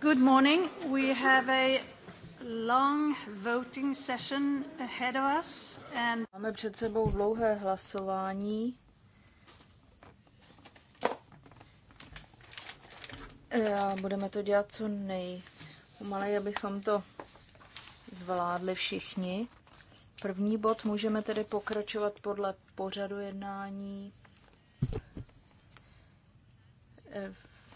Good morning. We have a long voting session ahead of us and Máme před sebou dlouhé hlasování. A budeme to dělat co nejpomalej, abychom to zvládli všichni. První bod můžeme tedy pokračovat podle pořadu jednání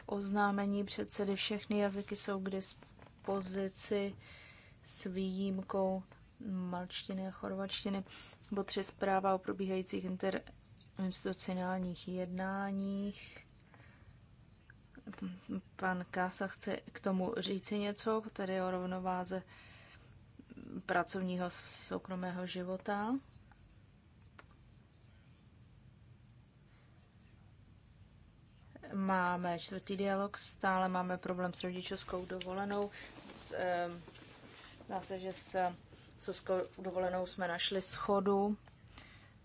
oznámení předsedy všechny jazyky jsou k dispozici s výjimkou malčtiny a chorvačtiny. Bod 3 zpráva o probíhajících interinstitucionálních jednáních. Pan Kása chce k tomu říci něco, tedy o rovnováze pracovního soukromého života. máme čtvrtý dialog, stále máme problém s rodičovskou dovolenou. S, dá se, že s rodičovskou dovolenou jsme našli schodu.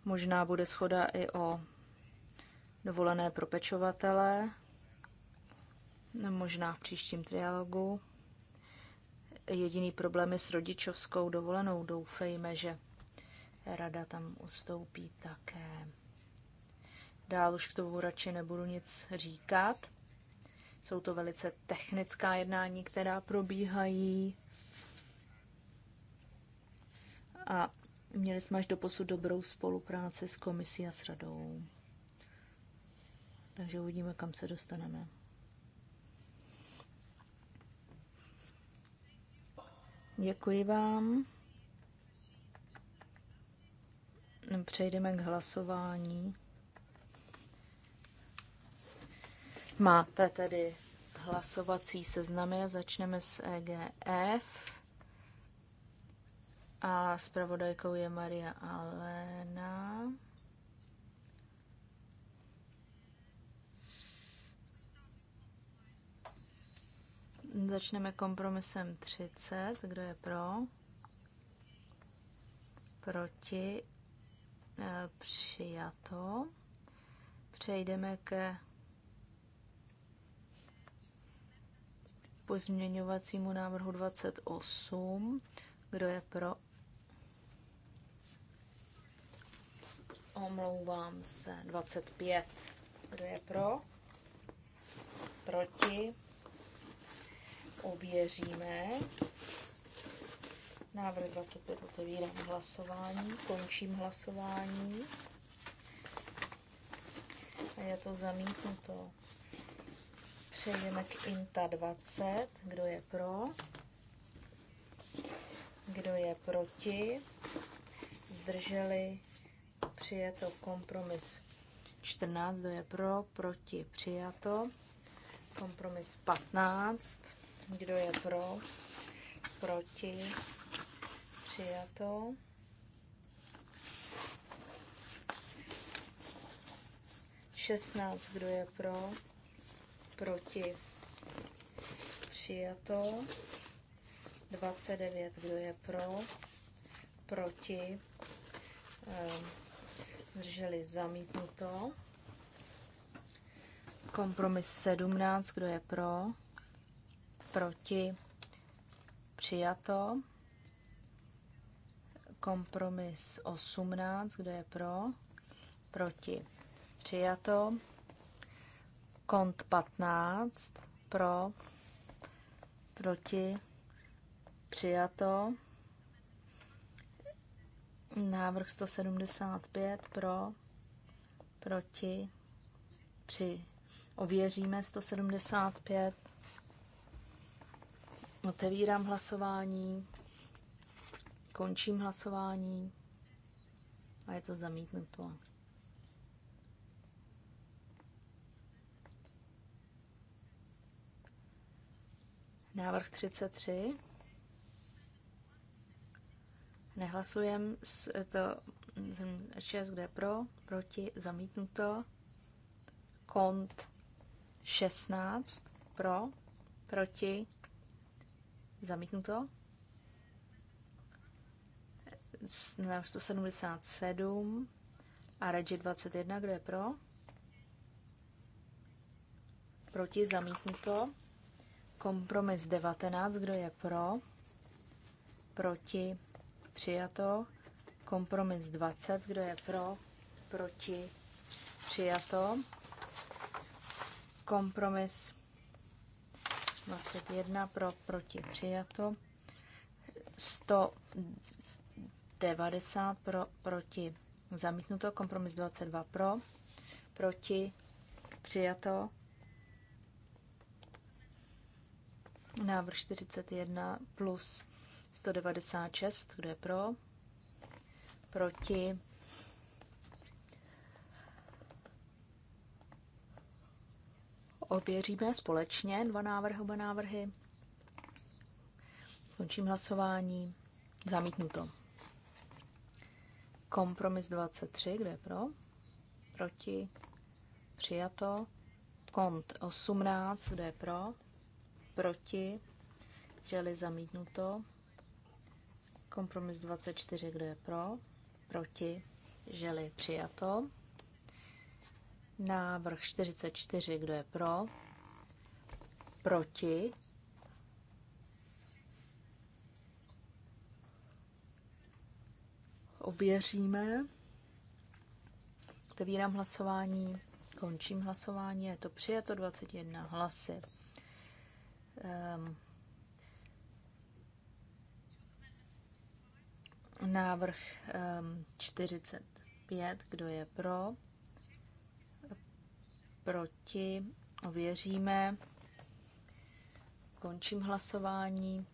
Možná bude schoda i o dovolené pro pečovatele, možná v příštím trialogu. Jediný problém je s rodičovskou dovolenou. Doufejme, že rada tam ustoupí také. Dál už k tomu radši nebudu nic říkat. Jsou to velice technická jednání, která probíhají. A měli jsme až do posud dobrou spolupráci s komisí a s radou. Takže uvidíme, kam se dostaneme. Děkuji vám. Přejdeme k hlasování. Máte tedy hlasovací seznamy. Začneme s EGF. A zpravodajkou je Maria Alena. Začneme kompromisem 30. Kdo je pro? Proti? E, přijato. Přejdeme ke pozměňovacímu návrhu 28. Kdo je pro? Omlouvám se. 25. Kdo je pro? Proti? Ověříme. Návrh 25 otevírám hlasování, končím hlasování. A je to zamítnuto. Přejdeme k INTA 20. Kdo je pro? Kdo je proti? Zdrželi? Přijeto kompromis 14. Kdo je pro? Proti? Přijato. Kompromis 15. Kdo je pro? Proti? Přijato. Šestnáct, kdo je pro? proti, přijato. 29, kdo je pro, proti, ehm, zdrželi zamítnuto. Kompromis 17, kdo je pro, proti, přijato. Kompromis 18, kdo je pro, proti, přijato. Kont 15 pro, proti, přijato. Návrh 175 pro, proti, při, ověříme 175. Otevírám hlasování, končím hlasování a je to zamítnuto. Návrh 33. Nehlasujem s to 6, kde pro, proti, zamítnuto. Kont 16, pro, proti, zamítnuto. 177 a Regi 21, kdo je pro? Proti, zamítnuto. Kompromis 19, kdo je pro? Proti? Přijato. Kompromis 20, kdo je pro? Proti? Přijato. Kompromis 21 pro, proti přijato, 190 pro, proti zamítnuto, kompromis 22 pro, proti přijato, Návrh 41 plus 196, kdo je pro? Proti? Ověříme společně dva návrhy, oba návrhy. Končím hlasování. Zamítnuto. Kompromis 23, kde je pro? Proti? Přijato. Kont 18, kde je pro? proti, želi zamítnuto. Kompromis 24, kdo je pro, proti, želi přijato. Návrh 44, kdo je pro, proti, ověříme. Otevírám hlasování, končím hlasování, je to přijato 21 hlasy. Ehm, návrh 45, ehm, kdo je pro, proti, ověříme. Končím hlasování.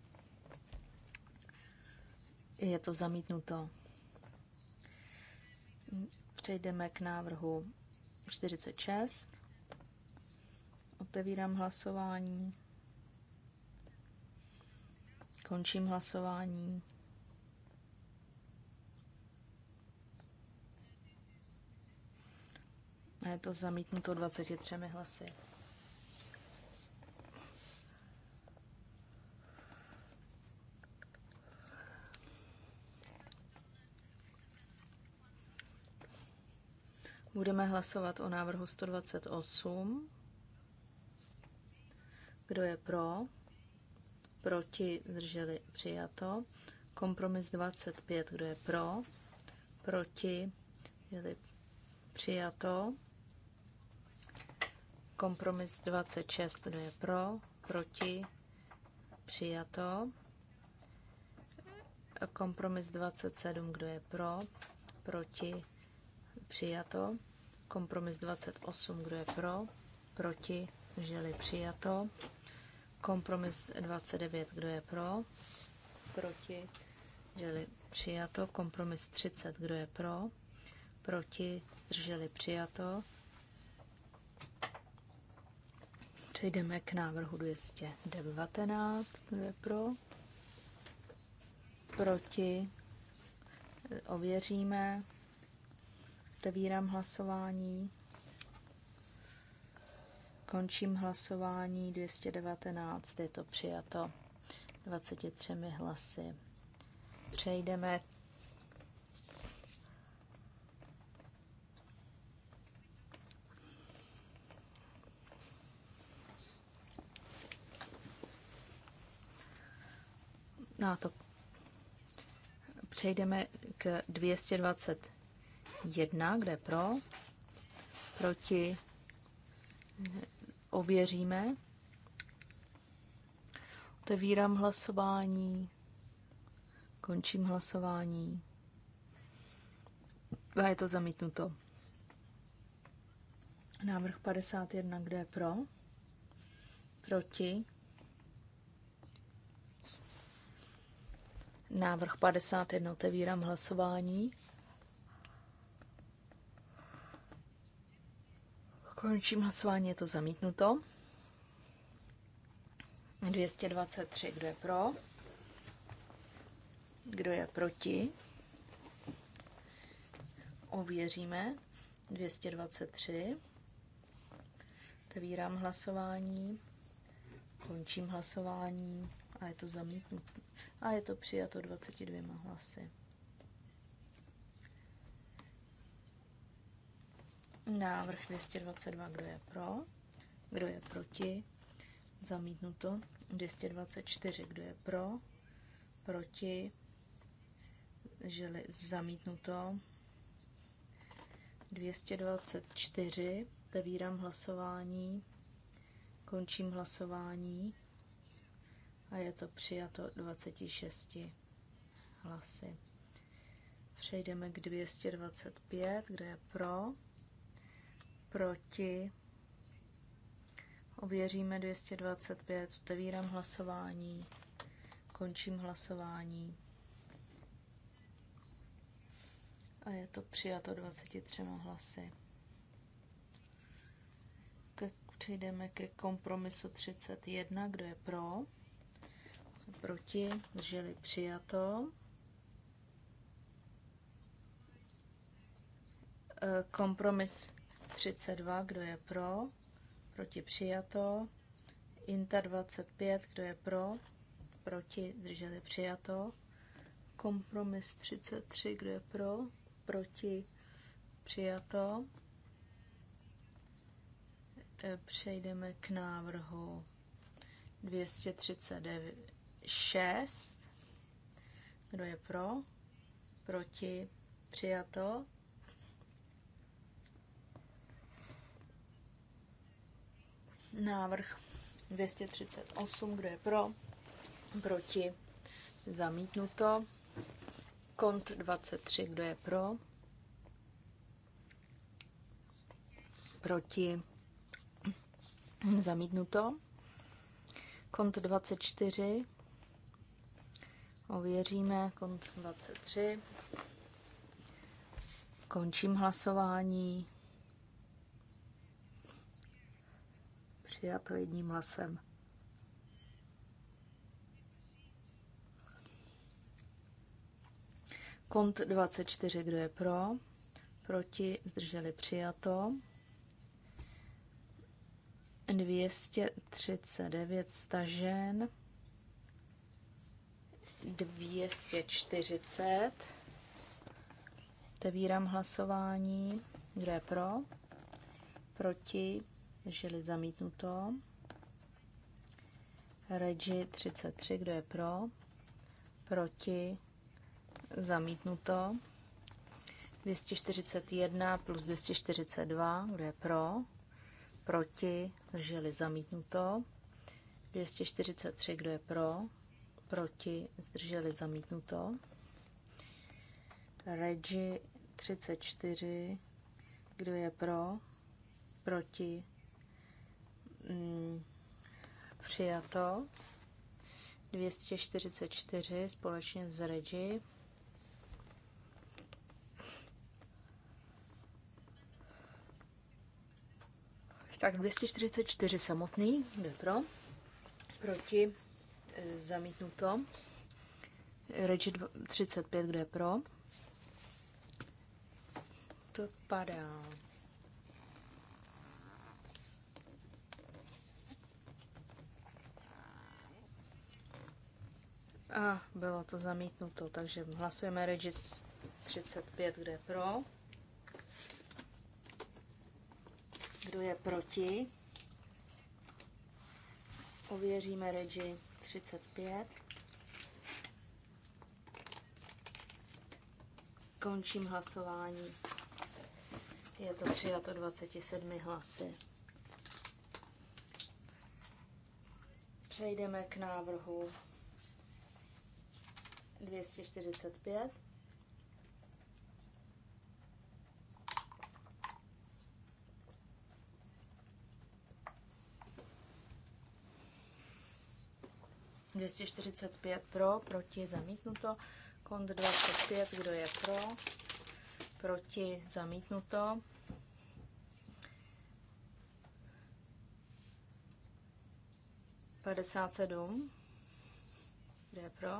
Je to zamítnuto. Přejdeme k návrhu 46. Otevírám hlasování. Končím hlasování. A je to zamítnuto 23 hlasy. Budeme hlasovat o návrhu 128. Kdo je pro? proti, zdrželi přijato. Kompromis 25, kdo je pro, proti, zdrželi přijato. Kompromis 26, kdo je pro, proti, přijato. Kompromis 27, kdo je pro, proti, přijato. Kompromis 28, kdo je pro, proti, zdrželi přijato. Kompromis 29, kdo je pro? Proti? Zdrželi přijato. Kompromis 30, kdo je pro? Proti? Zdrželi přijato. Přejdeme k návrhu 219, kdo je pro? Proti? Ověříme. Otevírám hlasování. Končím hlasování 219, je to přijato 23 hlasy. Přejdeme na no to. Přejdeme k 221, kde pro, proti ověříme. Otevírám hlasování, končím hlasování a je to zamítnuto. Návrh 51, kde je pro? Proti? Návrh 51, otevírám hlasování. Končím hlasování, je to zamítnuto. 223, kdo je pro? Kdo je proti? Ověříme. 223. Otevírám hlasování. Končím hlasování a je to zamítnuto. A je to přijato 22 hlasy. Návrh 222, kdo je pro, kdo je proti, zamítnuto. 224, kdo je pro, proti, žili zamítnuto. 224, otevírám hlasování, končím hlasování a je to přijato 26 hlasy. Přejdeme k 225, kdo je pro, proti. Ověříme 225, otevírám hlasování, končím hlasování. A je to přijato 23 hlasy. Přijdeme ke kompromisu 31, kdo je pro, proti, drželi přijato. E, kompromis 32, kdo je pro, proti přijato. Inta 25, kdo je pro, proti drželi přijato. Kompromis 33, kdo je pro, proti přijato. E, přejdeme k návrhu 236. Kdo je pro? Proti přijato. Návrh 238, kdo je pro, proti, zamítnuto. Kont 23, kdo je pro, proti, zamítnuto. Kont 24, ověříme, kont 23. Končím hlasování. přijato jedním hlasem. Kont 24, kdo je pro? Proti, zdrželi přijato. 239 stažen. 240. Otevírám hlasování. Kdo je pro? Proti? Drželi zamítnuto. Regi 33, kdo je pro? Proti? Zamítnuto. 241 plus 242, kdo je pro? Proti? Drželi zamítnuto. 243, kdo je pro? Proti? Zdrželi zamítnuto. Regi 34, kdo je pro? Proti? Mm, přijato. 244 společně s Regi. Tak 244 samotný, jde pro, proti, e, zamítnuto. Regi 35, kde pro. To padá. A bylo to zamítnuto, takže hlasujeme Regis 35, kde je pro. Kdo je proti? Ověříme Regi 35. Končím hlasování. Je to přijato 27 hlasy. Přejdeme k návrhu 245. Dvěstě pro, proti zamítnuto. Kont 25, kdo je pro, proti zamítnuto. Padesát sedm, kdo je pro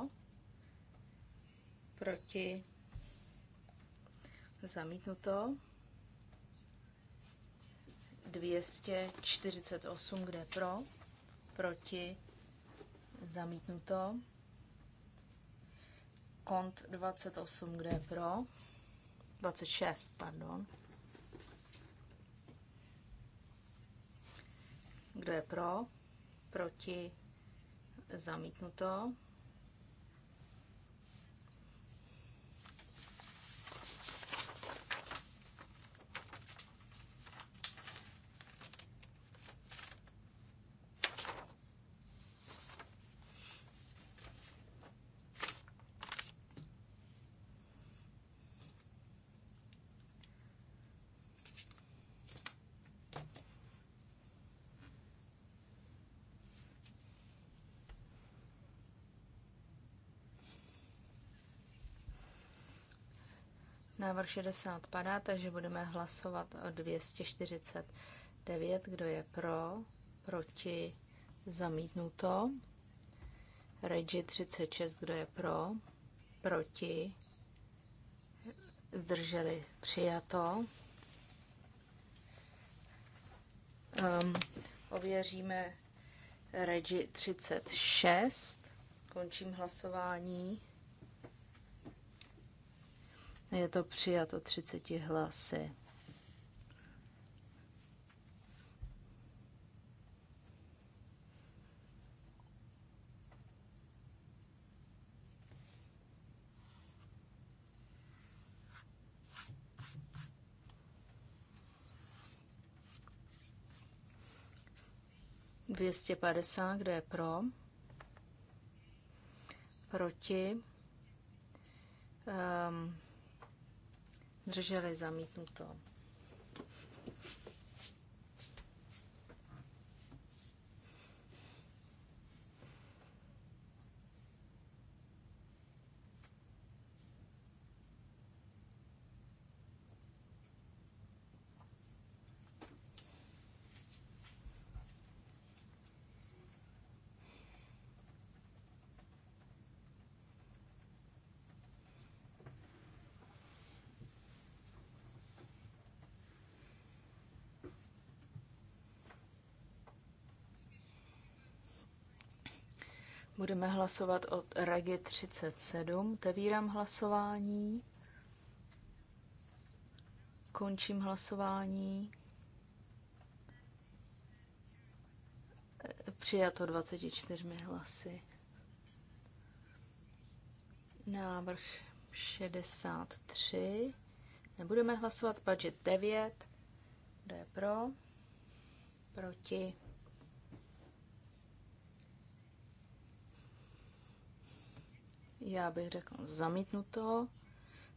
proti, zamítnuto. 248, kde pro, proti, zamítnuto. Kont 28, kde pro, 26, pardon. kde je pro? Proti? Zamítnuto. Návrh 60 padá, takže budeme hlasovat o 249. Kdo je pro? Proti? Zamítnuto. Regi 36. Kdo je pro? Proti? Zdrželi? Přijato. Um, ověříme Regi 36. Končím hlasování. Je to přijato 30 hlasy. Dvěstě padesát, kde je pro? Proti? Um, Drželi zamítnuto. Budeme hlasovat od Regi 37. Tevírám hlasování. Končím hlasování. Přijato 24 hlasy. Návrh 63. Nebudeme hlasovat budget 9. Kdo je pro? Proti? Já bych řekl zamítnuto.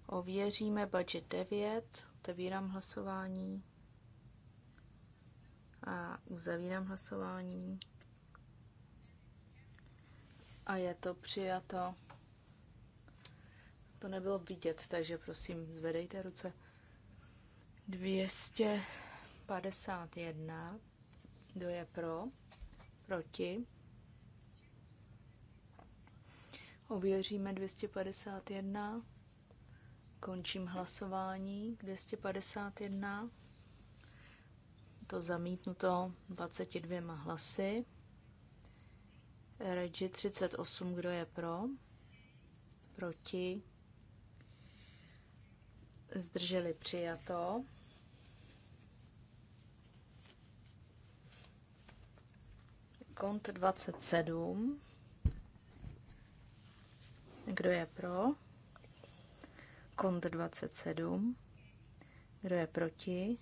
Ověříme budget 9. Otevírám hlasování. A uzavírám hlasování. A je to přijato. To nebylo vidět, takže prosím, zvedejte ruce. 251. Kdo je pro? Proti? Ověříme 251. Končím hlasování. 251. To zamítnuto 22 hlasy. Regi 38, kdo je pro? Proti? Zdrželi přijato. Kont 27. Kdo je pro? Kont 27. Kdo je proti?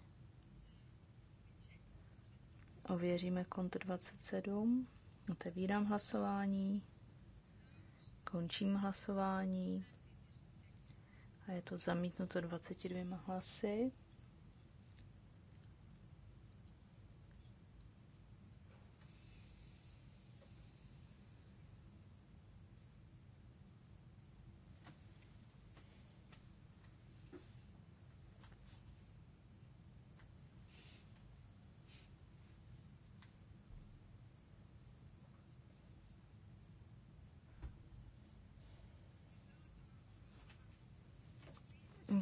Ověříme kont 27. Otevírám hlasování. Končím hlasování. A je to zamítnuto 22 hlasy.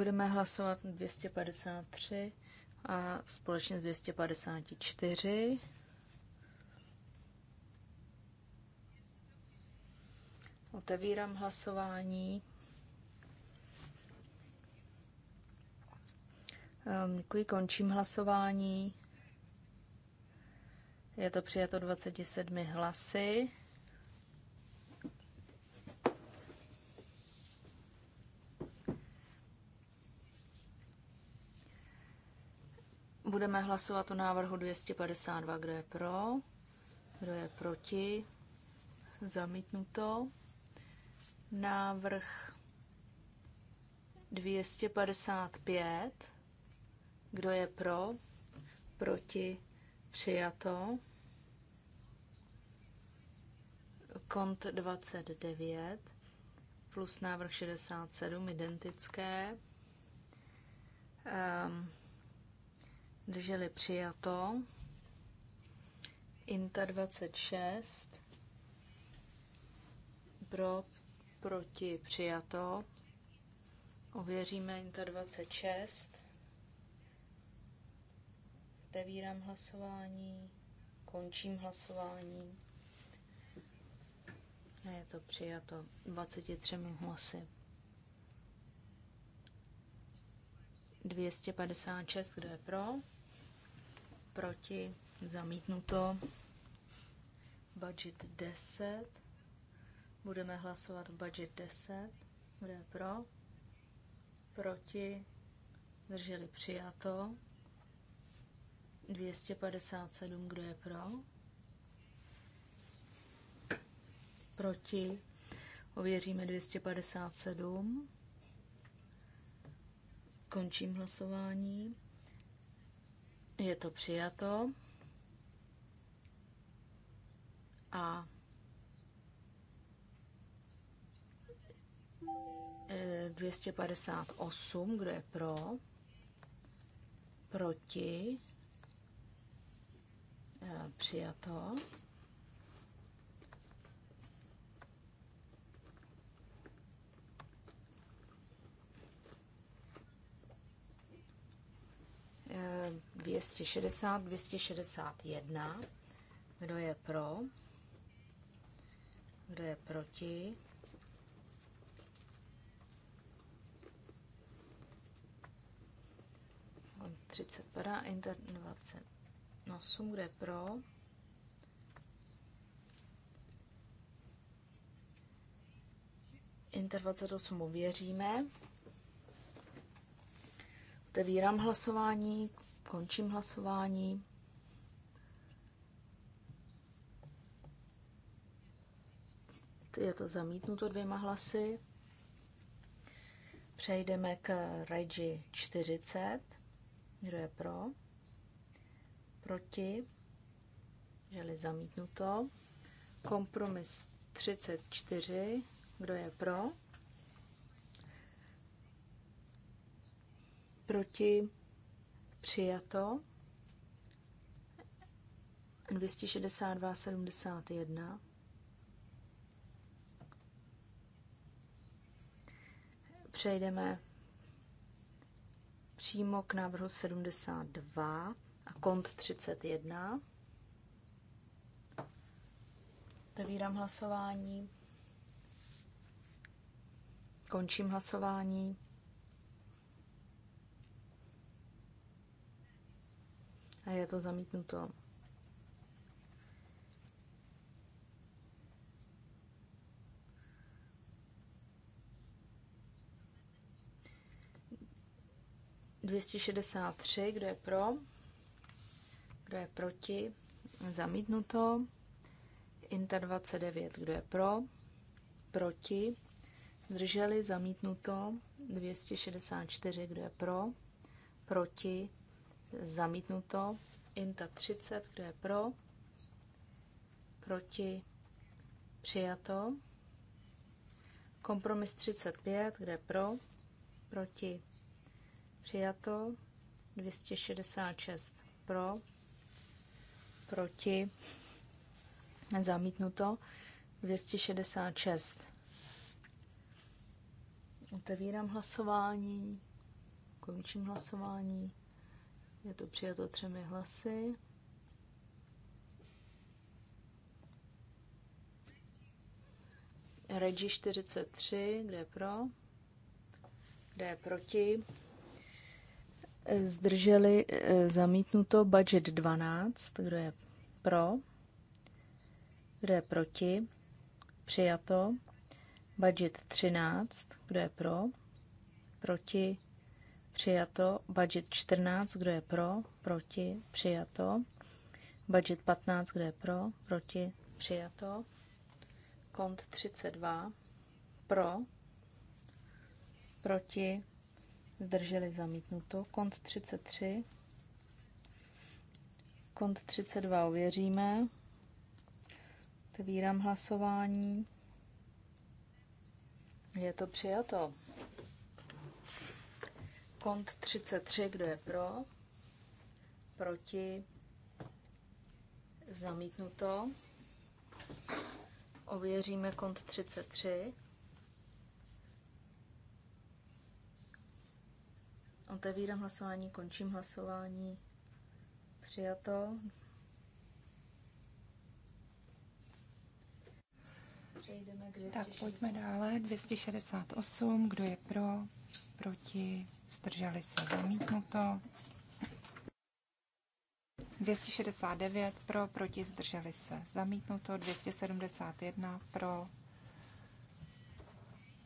budeme hlasovat 253 a společně s 254. Otevírám hlasování. Ehm, děkuji, končím hlasování. Je to přijato 27 hlasy. Budeme hlasovat o návrhu 252, kdo je pro, kdo je proti, zamítnuto. Návrh 255, kdo je pro, proti, přijato. Kont 29 plus návrh 67 identické. Um, drželi přijato. Inta 26 pro, proti přijato. Ověříme Inta 26. Otevírám hlasování, končím hlasování. A je to přijato 23 hlasy. 256, kdo je pro? proti, zamítnuto. Budget 10. Budeme hlasovat budget 10. Kdo je pro? Proti, drželi přijato. 257, kdo je pro? Proti, ověříme 257. Končím hlasování. Je to přijato. A e, 258, kdo je pro, proti, e, přijato. 260, 261. Kdo je pro? Kdo je proti? On 30 padá, Inter 28, Kdo je pro? Inter 28 uvěříme. Otevírám hlasování, končím hlasování. Je to zamítnuto dvěma hlasy. Přejdeme k Regi 40. Kdo je pro? Proti? Želi zamítnuto. Kompromis 34. Kdo je pro? proti, přijato. 262, 71. Přejdeme přímo k návrhu 72 a kont 31. Otevírám hlasování. Končím hlasování. A je to zamítnuto. Dvěstě šedesát tři, kdo je pro, kdo je proti, zamítnuto. Inter 29, kdo je pro, proti, zdrželi, zamítnuto. 264, kdo je pro, proti, Zamítnuto. Inta 30, kdo je pro? Proti? Přijato. Kompromis 35, kde je pro? Proti? Přijato. 266 pro? Proti? Zamítnuto. 266. Otevírám hlasování. Končím hlasování. Je to přijato třemi hlasy. Regi 43, kde je pro, kde je proti. Zdrželi eh, zamítnuto budget 12, kdo je pro, kdo je proti, přijato. Budget 13, kdo je pro, proti, přijato. Budget 14, kdo je pro, proti, přijato. Budget 15, kdo je pro, proti, přijato. Kont 32, pro, proti, zdrželi zamítnuto. Kont 33, kont 32 ověříme. Otevírám hlasování. Je to přijato. Kont 33, kdo je pro? Proti? Zamítnuto. Ověříme kont 33. Otevírám hlasování, končím hlasování. Přijato. Tak pojďme dále. 268. Kdo je pro? Proti? zdrželi se zamítnuto. 269 pro, proti zdrželi se zamítnuto. 271 pro,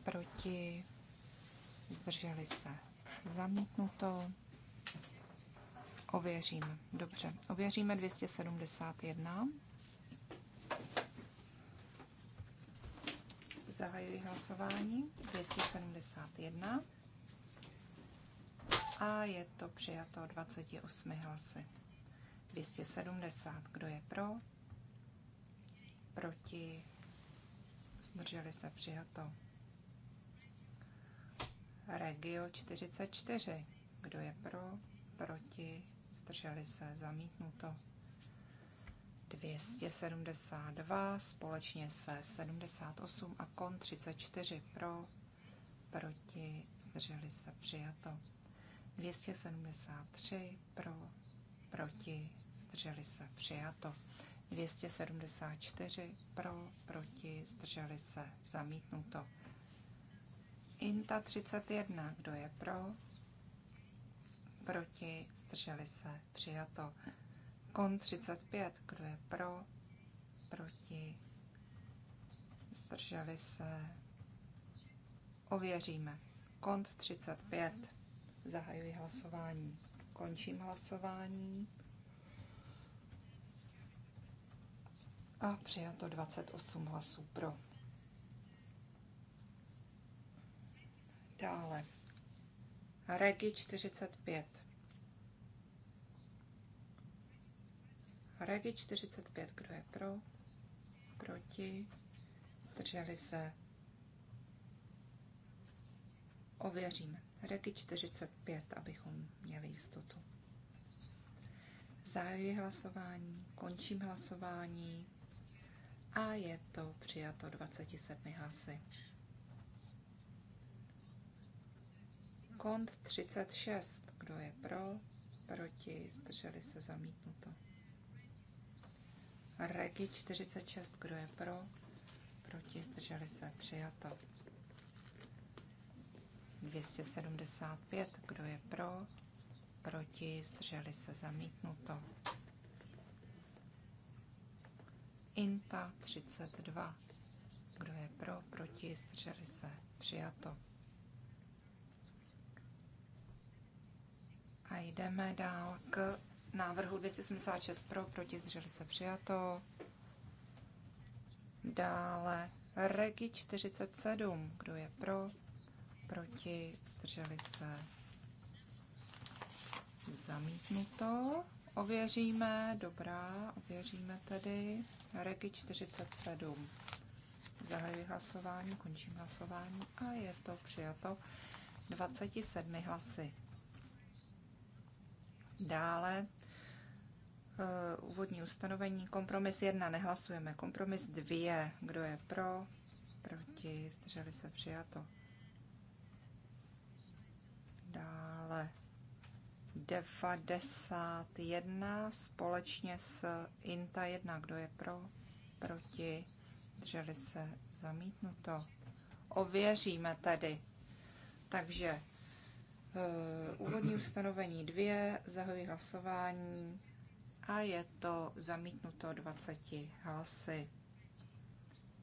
proti zdrželi se zamítnuto. Ověřím. Dobře. Ověříme 271. Zahajuji hlasování. 271 a je to přijato 28 hlasy. 270. Kdo je pro? Proti? Zdrželi se přijato. Regio 44. Kdo je pro? Proti? Zdrželi se zamítnuto. 272 společně se 78 a kon 34 pro, proti, zdrželi se přijato. 273 pro, proti, zdrželi se, přijato. 274 pro, proti, zdrželi se, zamítnuto. INTA 31, kdo je pro, proti, zdrželi se, přijato. KON 35, kdo je pro, proti, zdrželi se, ověříme. KONT 35. Zahajuji hlasování. Končím hlasování. A přijato 28 hlasů pro. Dále. Regi 45. Regi 45, kdo je pro? Proti? Zdrželi se? Ověříme. Regi 45, abychom měli jistotu. Zahajuji hlasování, končím hlasování a je to přijato 27 hlasy. Kont 36. Kdo je pro? Proti? Zdrželi se zamítnuto. Regi 46. Kdo je pro? Proti? Zdrželi se přijato. 275. Kdo je pro? Proti? Zdrželi se zamítnuto. INTA 32. Kdo je pro? Proti? Zdrželi se přijato. A jdeme dál k návrhu 276 pro, proti zdrželi se přijato. Dále Regi 47, kdo je pro, proti, zdrželi se zamítnuto. Ověříme, dobrá, ověříme tedy. Regi 47. Zahajuji hlasování, končím hlasování a je to přijato 27 hlasy. Dále eh, úvodní ustanovení. Kompromis 1 nehlasujeme. Kompromis 2. Kdo je pro? Proti? Zdrželi se přijato. ale 91 společně s INTA 1. Kdo je pro? Proti? Drželi se zamítnuto. Ověříme tedy. Takže uh, úvodní ustanovení 2, zahoji hlasování a je to zamítnuto 20 hlasy.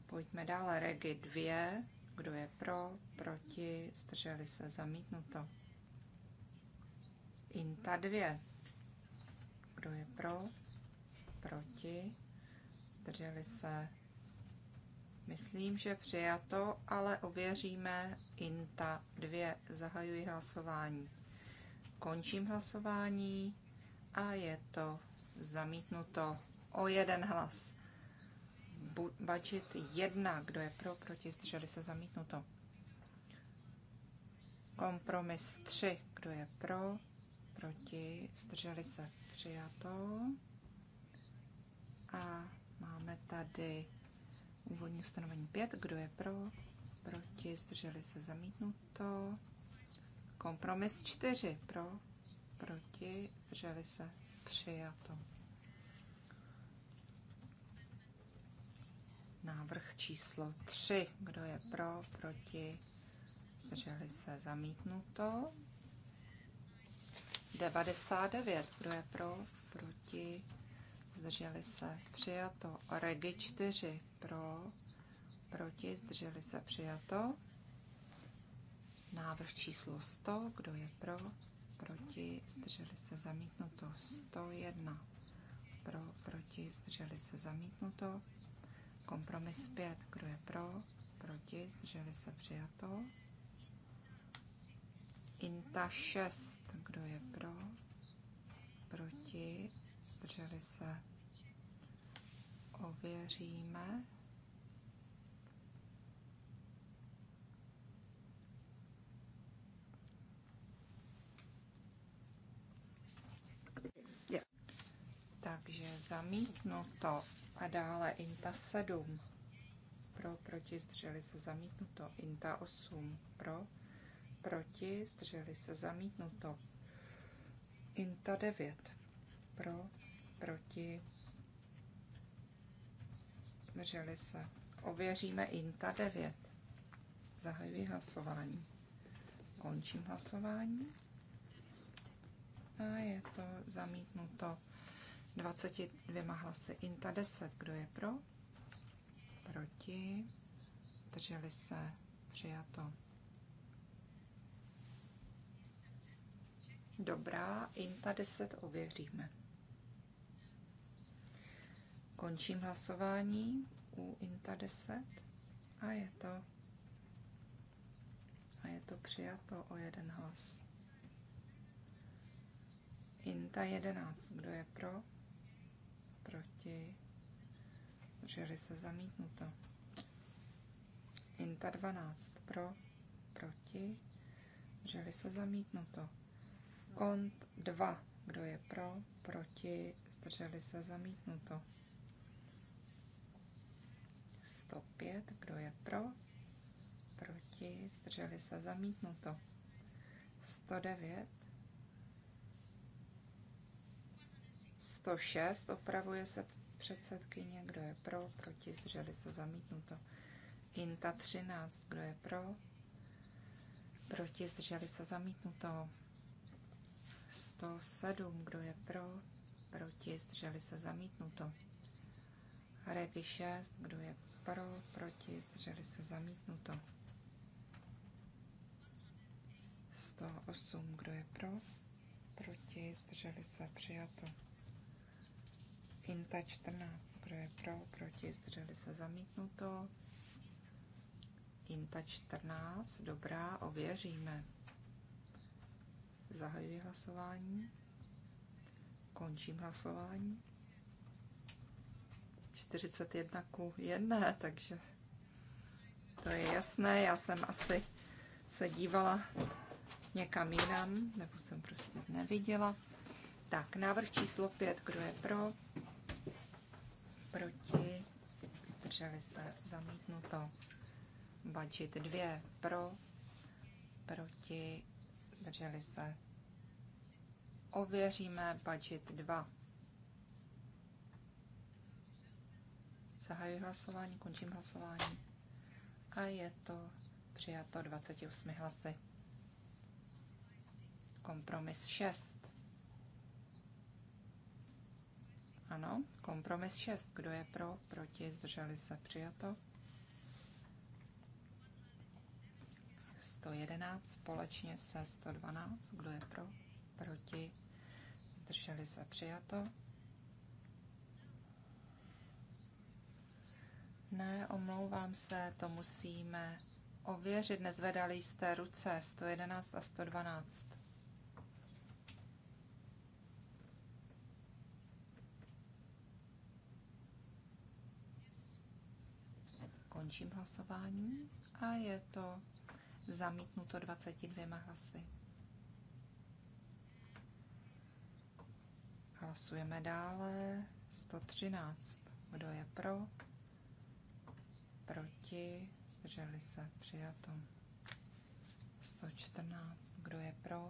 Pojďme dále. Regi 2. Kdo je pro? Proti? Zdrželi se zamítnuto. INTA 2. Kdo je pro? Proti? Zdrželi se? Myslím, že přijato, ale ověříme INTA 2. Zahajuji hlasování. Končím hlasování a je to zamítnuto o jeden hlas. Bačit jedna, Kdo je pro? Proti? Zdrželi se? Zamítnuto. Kompromis 3. Kdo je pro? proti, zdrželi se přijato. A máme tady úvodní ustanovení 5, kdo je pro, proti, zdrželi se zamítnuto. Kompromis 4, pro, proti, zdrželi se přijato. Návrh číslo 3, kdo je pro, proti, zdrželi se zamítnuto. 99. Kdo je pro? Proti? Zdrželi se. Přijato. Regi 4. Pro? Proti? Zdrželi se. Přijato. Návrh číslo 100. Kdo je pro? Proti? Zdrželi se. Zamítnuto. 101. Pro? Proti? Zdrželi se. Zamítnuto. Kompromis 5. Kdo je pro? Proti? Zdrželi se. Přijato. Inta 6. Kdo je pro? Proti? Drželi se? Ověříme. Takže zamítnuto a dále INTA 7. Pro, proti, zdřeli se zamítnuto. INTA 8. Pro, proti, zdrželi se zamítnuto. Inta 9 pro, proti, zdrželi se. Ověříme Inta 9. Zahajuji hlasování. Končím hlasování. A je to zamítnuto 22 hlasy. Inta 10. Kdo je pro? Proti. Drželi se. Přijato. Dobrá, INTA 10 ověříme. Končím hlasování u INTA 10 a je to a je to přijato o jeden hlas. INTA 11, kdo je pro? Proti? Drželi se zamítnuto. INTA 12, pro? Proti? Drželi se zamítnuto. Kont 2. Kdo je pro? Proti? Zdrželi se zamítnuto. 105. Kdo je pro? Proti? Zdrželi se zamítnuto. 109. 106. Opravuje se předsedkyně. Kdo je pro? Proti? Zdrželi se zamítnuto. Inta 13. Kdo je pro? Proti? Zdrželi se zamítnuto. 107. Kdo je pro? Proti? Zdrželi se zamítnuto. Regi 6. Kdo je pro? Proti? Zdrželi se zamítnuto. 108. Kdo je pro? Proti? Zdrželi se přijato. Inta 14. Kdo je pro? Proti? Zdrželi se zamítnuto. Inta 14. Dobrá, ověříme. Zahajuji hlasování. Končím hlasování. 41 ku 1, takže to je jasné. Já jsem asi se dívala někam jinam, nebo jsem prostě neviděla. Tak, návrh číslo 5, kdo je pro? Proti? Zdrželi se, zamítnuto. Budget 2, pro? Proti? Zdrželi se, Ověříme budget 2. Zahajuji hlasování, končím hlasování. A je to přijato 28 hlasy. Kompromis 6. Ano, kompromis 6. Kdo je pro, proti, zdrželi se, přijato. 111 společně se 112. Kdo je pro, proti, zdrželi se přijato. Ne, omlouvám se, to musíme ověřit. Nezvedali jste ruce 111 a 112. Končím hlasování a je to zamítnuto 22 hlasy. Hlasujeme dále. 113. Kdo je pro? Proti? Drželi se přijato. 114. Kdo je pro?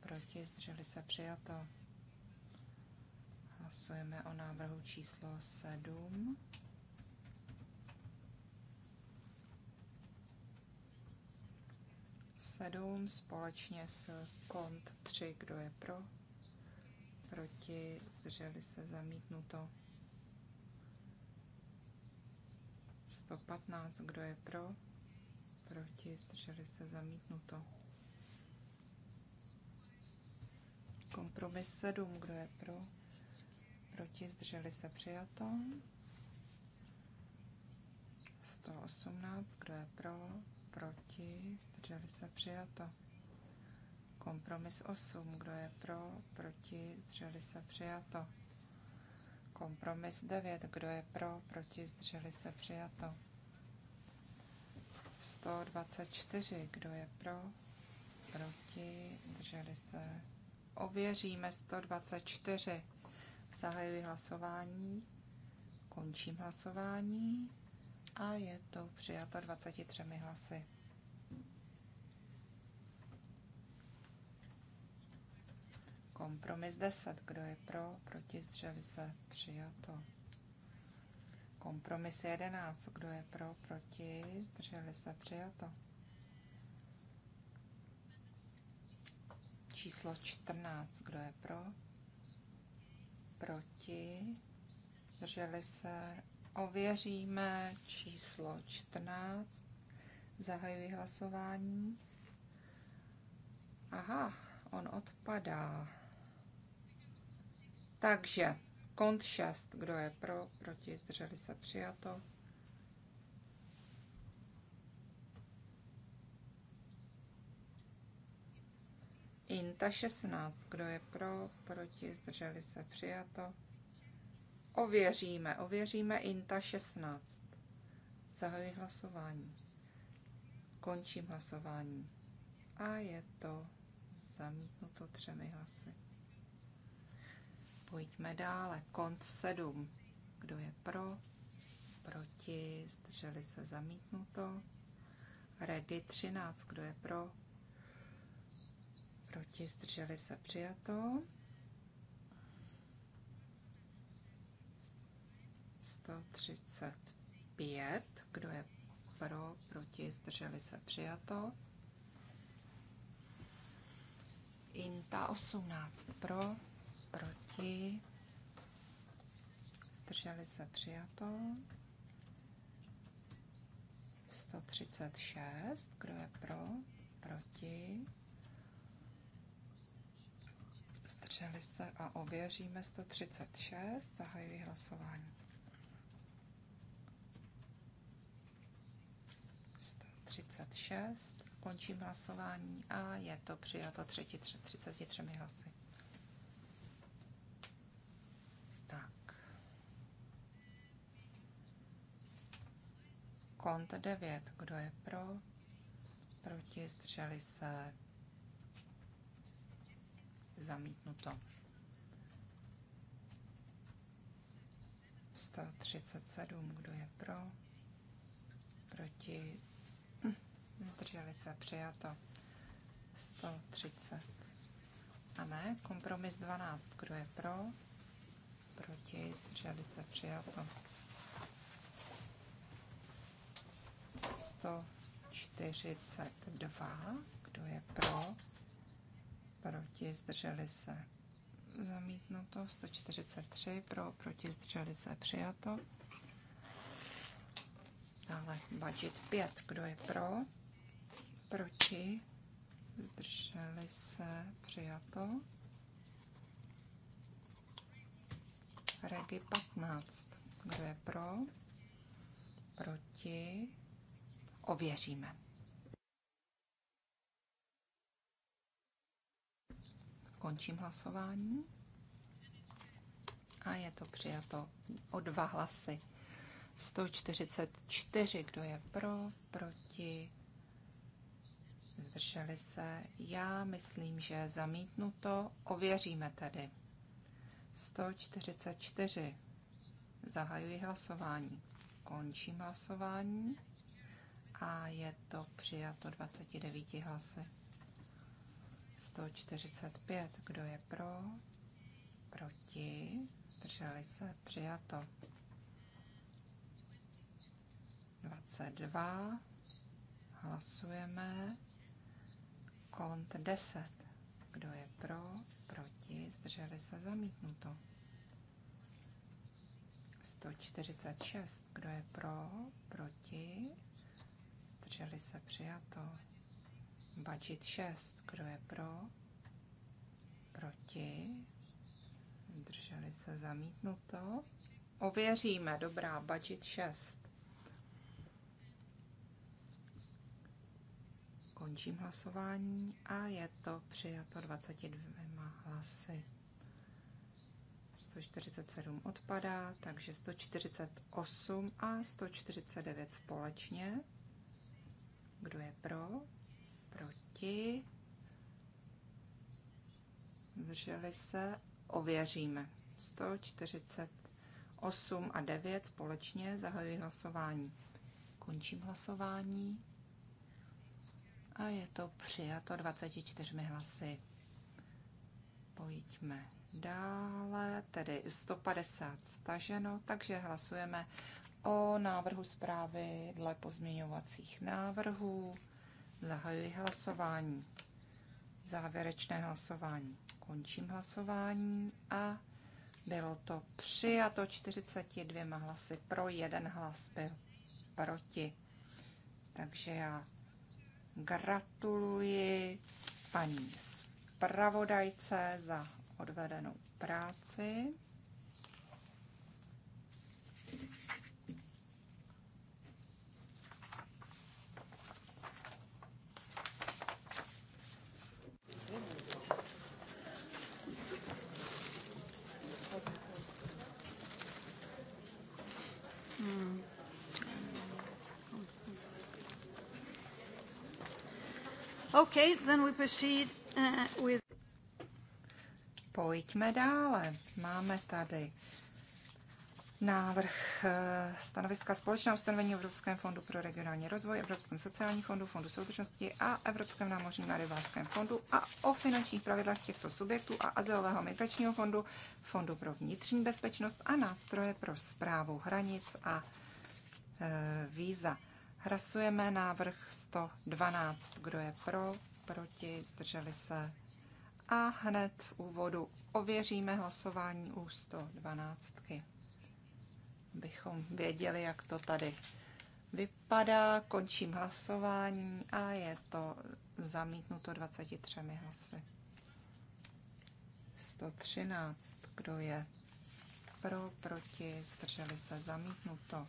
Proti? Zdrželi se přijato. Hlasujeme o návrhu číslo 7. Sedm společně s kont 3. Kdo je pro? proti, zdrželi se zamítnuto. 115, kdo je pro, proti, zdrželi se zamítnuto. Kompromis 7, kdo je pro, proti, zdrželi se přijato. 118, kdo je pro, proti, zdrželi se přijato. Kompromis 8. Kdo je pro? Proti? Zdrželi se? Přijato. Kompromis 9. Kdo je pro? Proti? Zdrželi se? Přijato. 124. Kdo je pro? Proti? Zdrželi se? Ověříme 124. Zahajuji hlasování. Končím hlasování. A je to přijato 23 hlasy. Kompromis 10. Kdo je pro? Proti? Zdrželi se? Přijato. Kompromis 11. Kdo je pro? Proti? Zdrželi se? Přijato. Číslo 14. Kdo je pro? Proti? Zdrželi se? Ověříme číslo 14. Zahajuji hlasování. Aha, on odpadá. Takže kont 6, kdo je pro, proti, zdrželi se přijato. Inta 16, kdo je pro, proti, zdrželi se přijato. Ověříme, ověříme Inta 16. Zahajuji hlasování. Končím hlasování. A je to zamítnuto třemi hlasy. Pojďme dále. Kont 7. Kdo je pro? Proti? Zdrželi se zamítnuto. redy 13. Kdo je pro? Proti? Zdrželi se přijato. 135. Kdo je pro? Proti? Zdrželi se přijato. Inta 18 pro, proti proti, zdrželi se přijato. 136, kdo je pro, proti, zdrželi se a ověříme 136, zahajuji hlasování. 136, končím hlasování a je to přijato 33 hlasy. Kont 9. Kdo je pro? Proti? střeli se? Zamítnuto. 137. Kdo je pro? Proti? Zdrželi se? Přijato. 130. A ne, kompromis 12. Kdo je pro? Proti? Zdrželi se? Přijato. 142. Kdo je pro? Proti zdrželi se. Zamítnuto. 143. Pro, proti zdrželi se. Přijato. Dále budget 5. Kdo je pro? Proti zdrželi se. Přijato. Regi 15. Kdo je pro? Proti? ověříme. Končím hlasování. A je to přijato o dva hlasy. 144, kdo je pro, proti, zdrželi se. Já myslím, že zamítnuto. Ověříme tedy. 144. Zahajuji hlasování. Končím hlasování a je to přijato 29 hlasy. 145, kdo je pro, proti, drželi se, přijato. 22, hlasujeme, kont 10, kdo je pro, proti, zdrželi se, zamítnuto. 146, kdo je pro, proti, zdrželi se přijato. Bačit 6, kdo je pro, proti, Drželi se zamítnuto. Ověříme, dobrá, bačit 6. Končím hlasování a je to přijato 22 hlasy. 147 odpadá, takže 148 a 149 společně. Kdo je pro? Proti? Zdrželi se? Ověříme. 148 a 9 společně zahajuji hlasování. Končím hlasování. A je to přijato 24 hlasy. Pojďme dále, tedy 150 staženo, takže hlasujeme o návrhu zprávy dle pozměňovacích návrhů. Zahajuji hlasování. Závěrečné hlasování. Končím hlasování a bylo to přijato 42 hlasy pro, jeden hlas byl proti. Takže já gratuluji paní zpravodajce za odvedenou práci. Okay, then we proceed uh, with... Pojďme dále. Máme tady návrh eh, stanoviska společného ustanovení Evropském fondu pro regionální rozvoj, Evropském sociální fondu, Fondu soudržnosti a Evropském námořním a rybářském fondu a o finančních pravidlech těchto subjektů a azylového migračního fondu, Fondu pro vnitřní bezpečnost a nástroje pro zprávu hranic a e, víza. Hlasujeme návrh 112. Kdo je pro, proti, zdrželi se. A hned v úvodu ověříme hlasování u 112. Bychom věděli, jak to tady vypadá. Končím hlasování a je to zamítnuto 23 hlasy. 113. Kdo je pro, proti, zdrželi se, zamítnuto.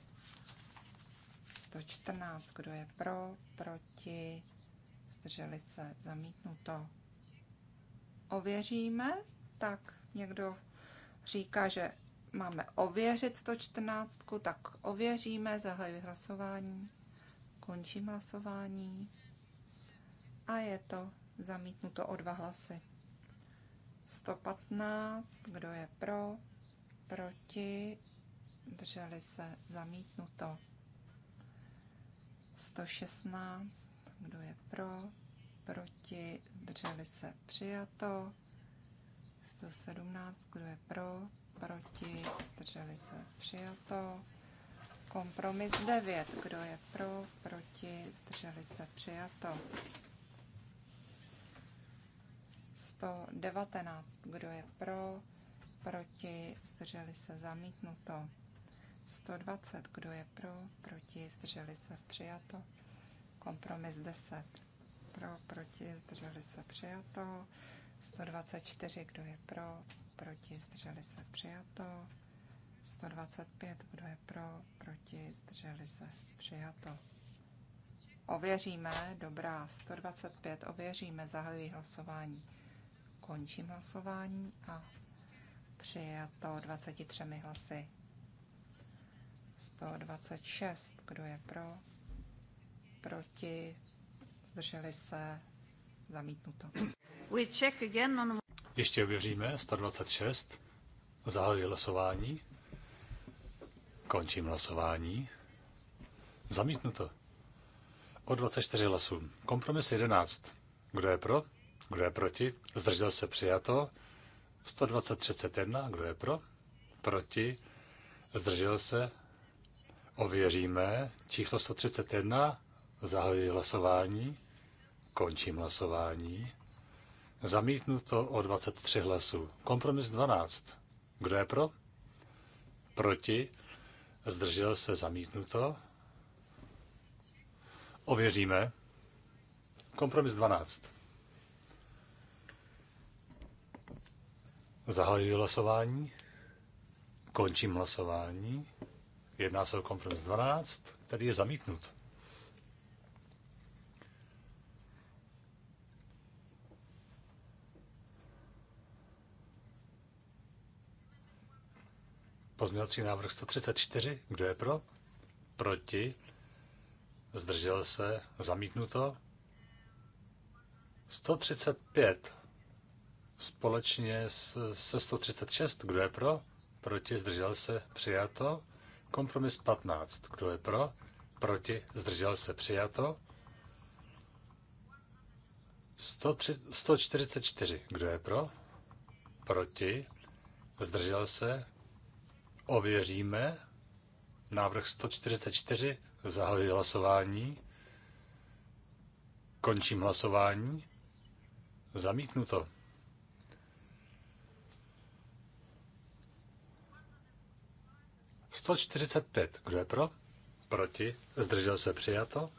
114. Kdo je pro? Proti? Zdrželi se? Zamítnuto. Ověříme? Tak někdo říká, že máme ověřit 114, tak ověříme, zahajuji hlasování, končím hlasování a je to zamítnuto o dva hlasy. 115, kdo je pro, proti, drželi se zamítnuto. 116, kdo je pro, proti, drželi se přijato. 117, kdo je pro, proti, zdrželi se přijato. Kompromis 9, kdo je pro, proti, zdrželi se přijato. 119, kdo je pro, proti, zdrželi se zamítnuto. 120. Kdo je pro? Proti? Zdrželi se? Přijato. Kompromis 10. Pro? Proti? Zdrželi se? Přijato. 124. Kdo je pro? Proti? Zdrželi se? Přijato. 125. Kdo je pro? Proti? Zdrželi se? Přijato. Ověříme. Dobrá. 125. Ověříme. Zahajuji hlasování. Končím hlasování a přijato 23 hlasy 126. Kdo je pro? Proti? Zdrželi se? Zamítnuto. We check again on... Ještě ověříme 126. Zahajuji hlasování. Končím hlasování. Zamítnuto. O 24 hlasů. Kompromis 11. Kdo je pro? Kdo je proti? Zdržel se přijato. 12031. Kdo je pro? Proti? Zdržel se? Ověříme. Číslo 131. Zahajuji hlasování. Končím hlasování. Zamítnuto o 23 hlasů. Kompromis 12. Kdo je pro? Proti? Zdržel se zamítnuto? Ověříme. Kompromis 12. Zahajuji hlasování. Končím hlasování. Jedná se o kompromis 12, který je zamítnut. Pozměňovací návrh 134. Kdo je pro? Proti? Zdržel se? Zamítnuto? 135. Společně se 136. Kdo je pro? Proti? Zdržel se? Přijato? Kompromis 15. Kdo je pro? Proti? Zdržel se? Přijato. 144. Kdo je pro? Proti? Zdržel se? Ověříme. Návrh 144. Zahajuji hlasování. Končím hlasování. Zamítnuto. 145. Kdo je pro? Proti. Zdržel se přijato.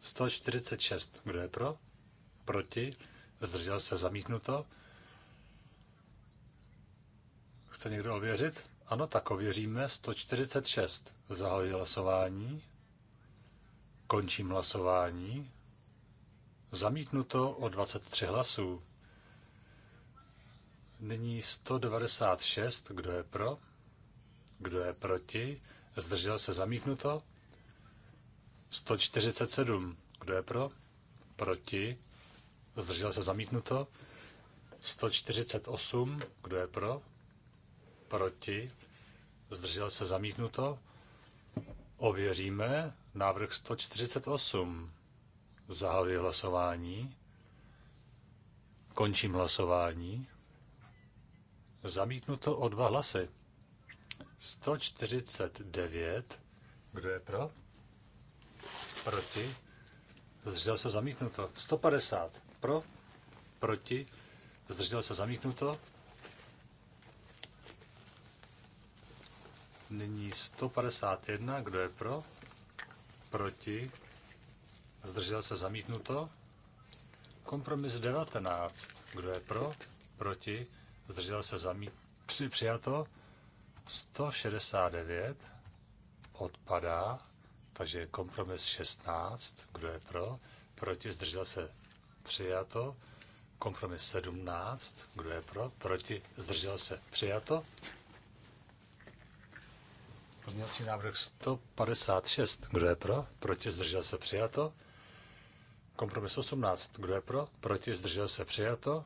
146. Kdo je pro? Proti. Zdržel se zamítnuto. Chce někdo ověřit? Ano, tak ověříme. 146. Zahajuji hlasování. Končím hlasování. Zamítnuto o 23 hlasů. Nyní 196. Kdo je pro? Kdo je proti? Zdržel se zamítnuto? 147. Kdo je pro? Proti? Zdržel se zamítnuto? 148. Kdo je pro? Proti? Zdržel se zamítnuto? Ověříme návrh 148. Zahajuji hlasování. Končím hlasování. Zamítnuto o dva hlasy. 149. Kdo je pro? Proti. Zdržel se zamítnuto. 150. Pro? Proti. Zdržel se zamítnuto. Nyní 151. Kdo je pro? Proti. Zdržel se zamítnuto. Kompromis 19. Kdo je pro? Proti. Zdržel se zamítnuto. Přijato. 169 odpadá, takže je kompromis 16, kdo je pro, proti, zdržel se, přijato. Kompromis 17, kdo je pro, proti, zdržel se, přijato. Pozměňovací návrh 156, kdo je pro, proti, zdržel se, přijato. Kompromis 18, kdo je pro, proti, zdržel se, přijato.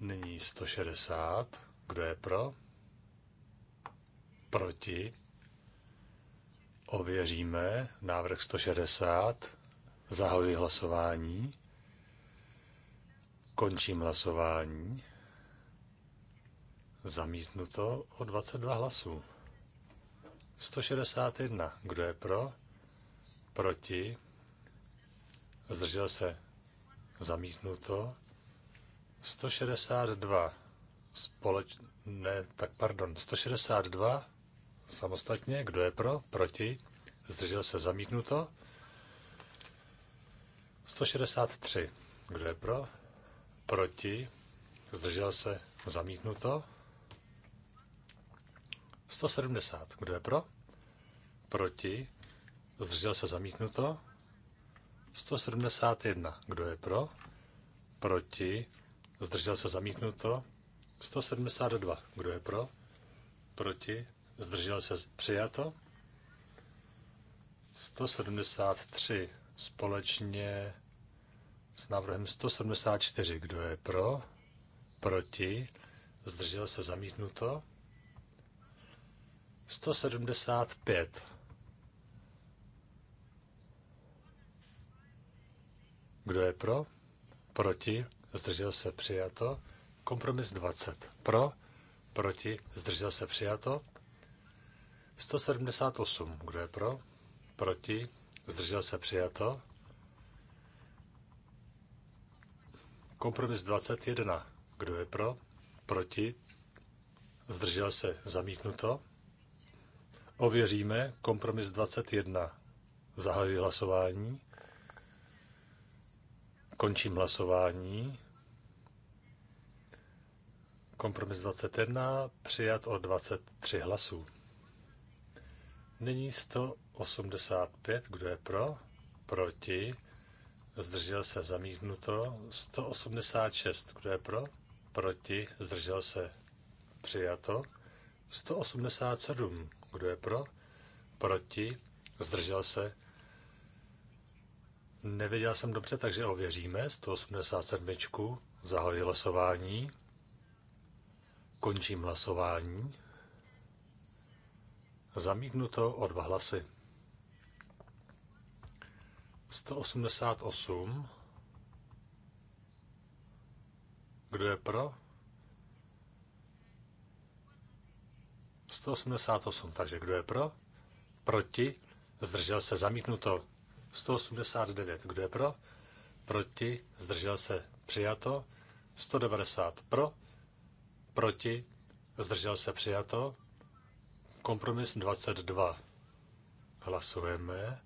Nyní 160, kdo je pro? Proti? Ověříme návrh 160. Zahajuji hlasování. Končím hlasování. Zamítnuto o 22 hlasů. 161. Kdo je pro? Proti? Zdržel se. Zamítnuto. 162 společ... Ne, tak pardon, 162 samostatně, kdo je pro, proti, zdržel se zamítnuto. 163, kdo je pro, proti, zdržel se zamítnuto. 170, kdo je pro, proti, zdržel se zamítnuto. 171, kdo je pro, proti, zdržel se zamítnuto. 172. Kdo je pro? Proti? Zdržel se přijato? 173. Společně s návrhem 174. Kdo je pro? Proti? Zdržel se zamítnuto? 175. Kdo je pro? Proti? Zdržel se přijato? Kompromis 20. Pro, proti, zdržel se přijato. 178. Kdo je pro? Proti, zdržel se přijato. Kompromis 21. Kdo je pro? Proti, zdržel se zamítnuto. Ověříme kompromis 21. Zahajuji hlasování. Končím hlasování. Kompromis 21 přijat o 23 hlasů. Nyní 185, kdo je pro, proti, zdržel se zamítnuto. 186, kdo je pro, proti, zdržel se přijato. 187, kdo je pro, proti, zdržel se. Nevěděl jsem dobře, takže ověříme 187. Zahoji losování. Končím hlasování. Zamítnuto o dva hlasy. 188. Kdo je pro? 188. Takže kdo je pro? Proti? Zdržel se zamítnuto. 189. Kdo je pro? Proti? Zdržel se přijato. 190 pro proti, zdržel se přijato. Kompromis 22. Hlasujeme.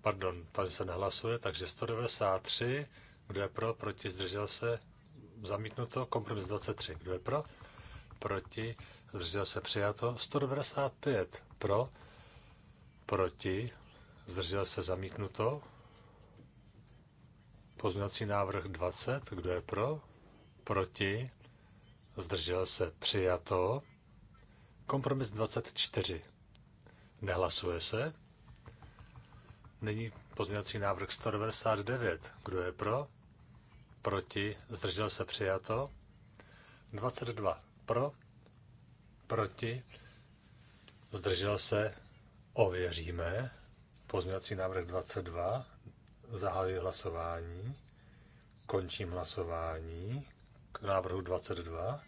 Pardon, tam se nehlasuje, takže 193. Kdo je pro, proti, zdržel se, zamítnuto. Kompromis 23. Kdo je pro, proti, zdržel se, přijato. 195. Pro, proti, zdržel se, zamítnuto. Pozměňovací návrh 20. Kdo je pro, proti, zdržel se, přijato. Kompromis 24, nehlasuje se. Nyní pozměňovací návrh 199, kdo je pro? Proti, zdržel se, přijato. 22, pro, proti, zdržel se, ověříme. Pozměňovací návrh 22, zahajuji hlasování, končím hlasování návrhu 22.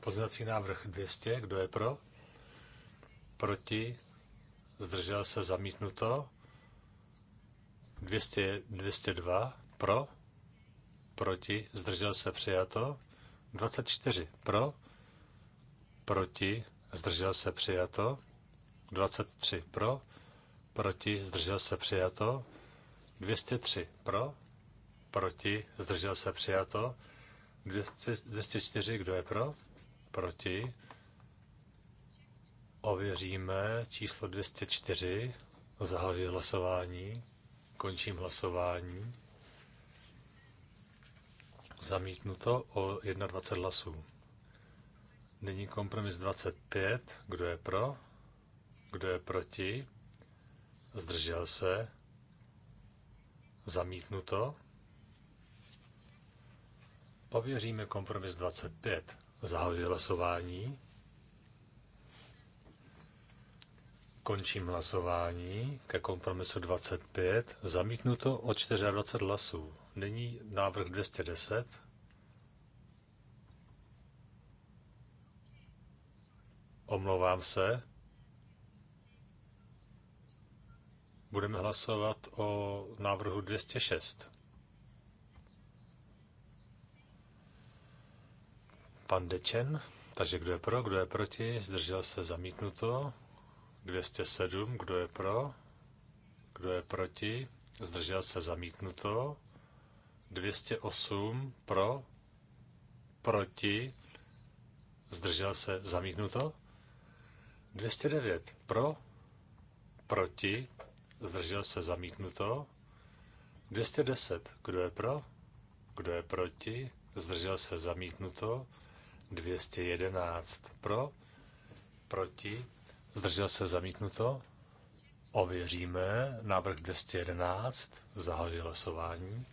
Poznací návrh 200, kdo je pro? Proti? Zdržel se zamítnuto? 200, 202 pro? Proti? Zdržel se přijato? 24 pro? Proti? Zdržel se přijato? 23 pro? proti, zdržel se přijato. 203 pro, proti, zdržel se přijato. 204, kdo je pro, proti. Ověříme číslo 204, zahajuji hlasování, končím hlasování. Zamítnuto o 21 hlasů. Nyní kompromis 25. Kdo je pro? Kdo je proti? zdržel se, zamítnuto. Pověříme kompromis 25. Zahajuji hlasování. Končím hlasování ke kompromisu 25. Zamítnuto o 24 hlasů. Nyní návrh 210. Omlouvám se. Budeme hlasovat o návrhu 206. Pan Dečen. Takže kdo je pro, kdo je proti? Zdržel se zamítnuto. 207. Kdo je pro? Kdo je proti? Zdržel se zamítnuto. 208. Pro? Proti? Zdržel se zamítnuto. 209. Pro? Proti? zdržel se zamítnuto. 210, kdo je pro, kdo je proti, zdržel se zamítnuto. 211 pro, proti, zdržel se zamítnuto. Ověříme návrh 211, zahajuji hlasování.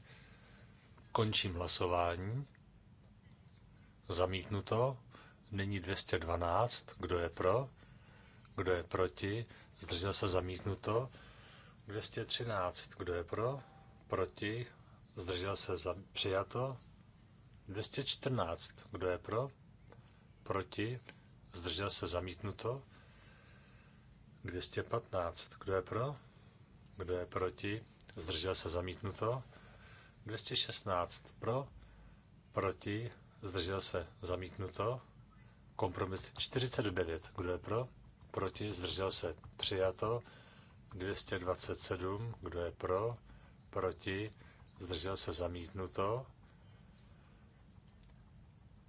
Končím hlasování. Zamítnuto. Není 212. Kdo je pro? Kdo je proti? Zdržel se zamítnuto. 213. Kdo je pro? Proti? Zdržel se za přijato? 214. Kdo je pro? Proti? Zdržel se zamítnuto? 215. Kdo je pro? Kdo je proti? Zdržel se zamítnuto? 216. Pro? Proti? Zdržel se zamítnuto? Kompromis 49. Kdo je pro? Proti? Zdržel se přijato? 227, kdo je pro, proti, zdržel se zamítnuto.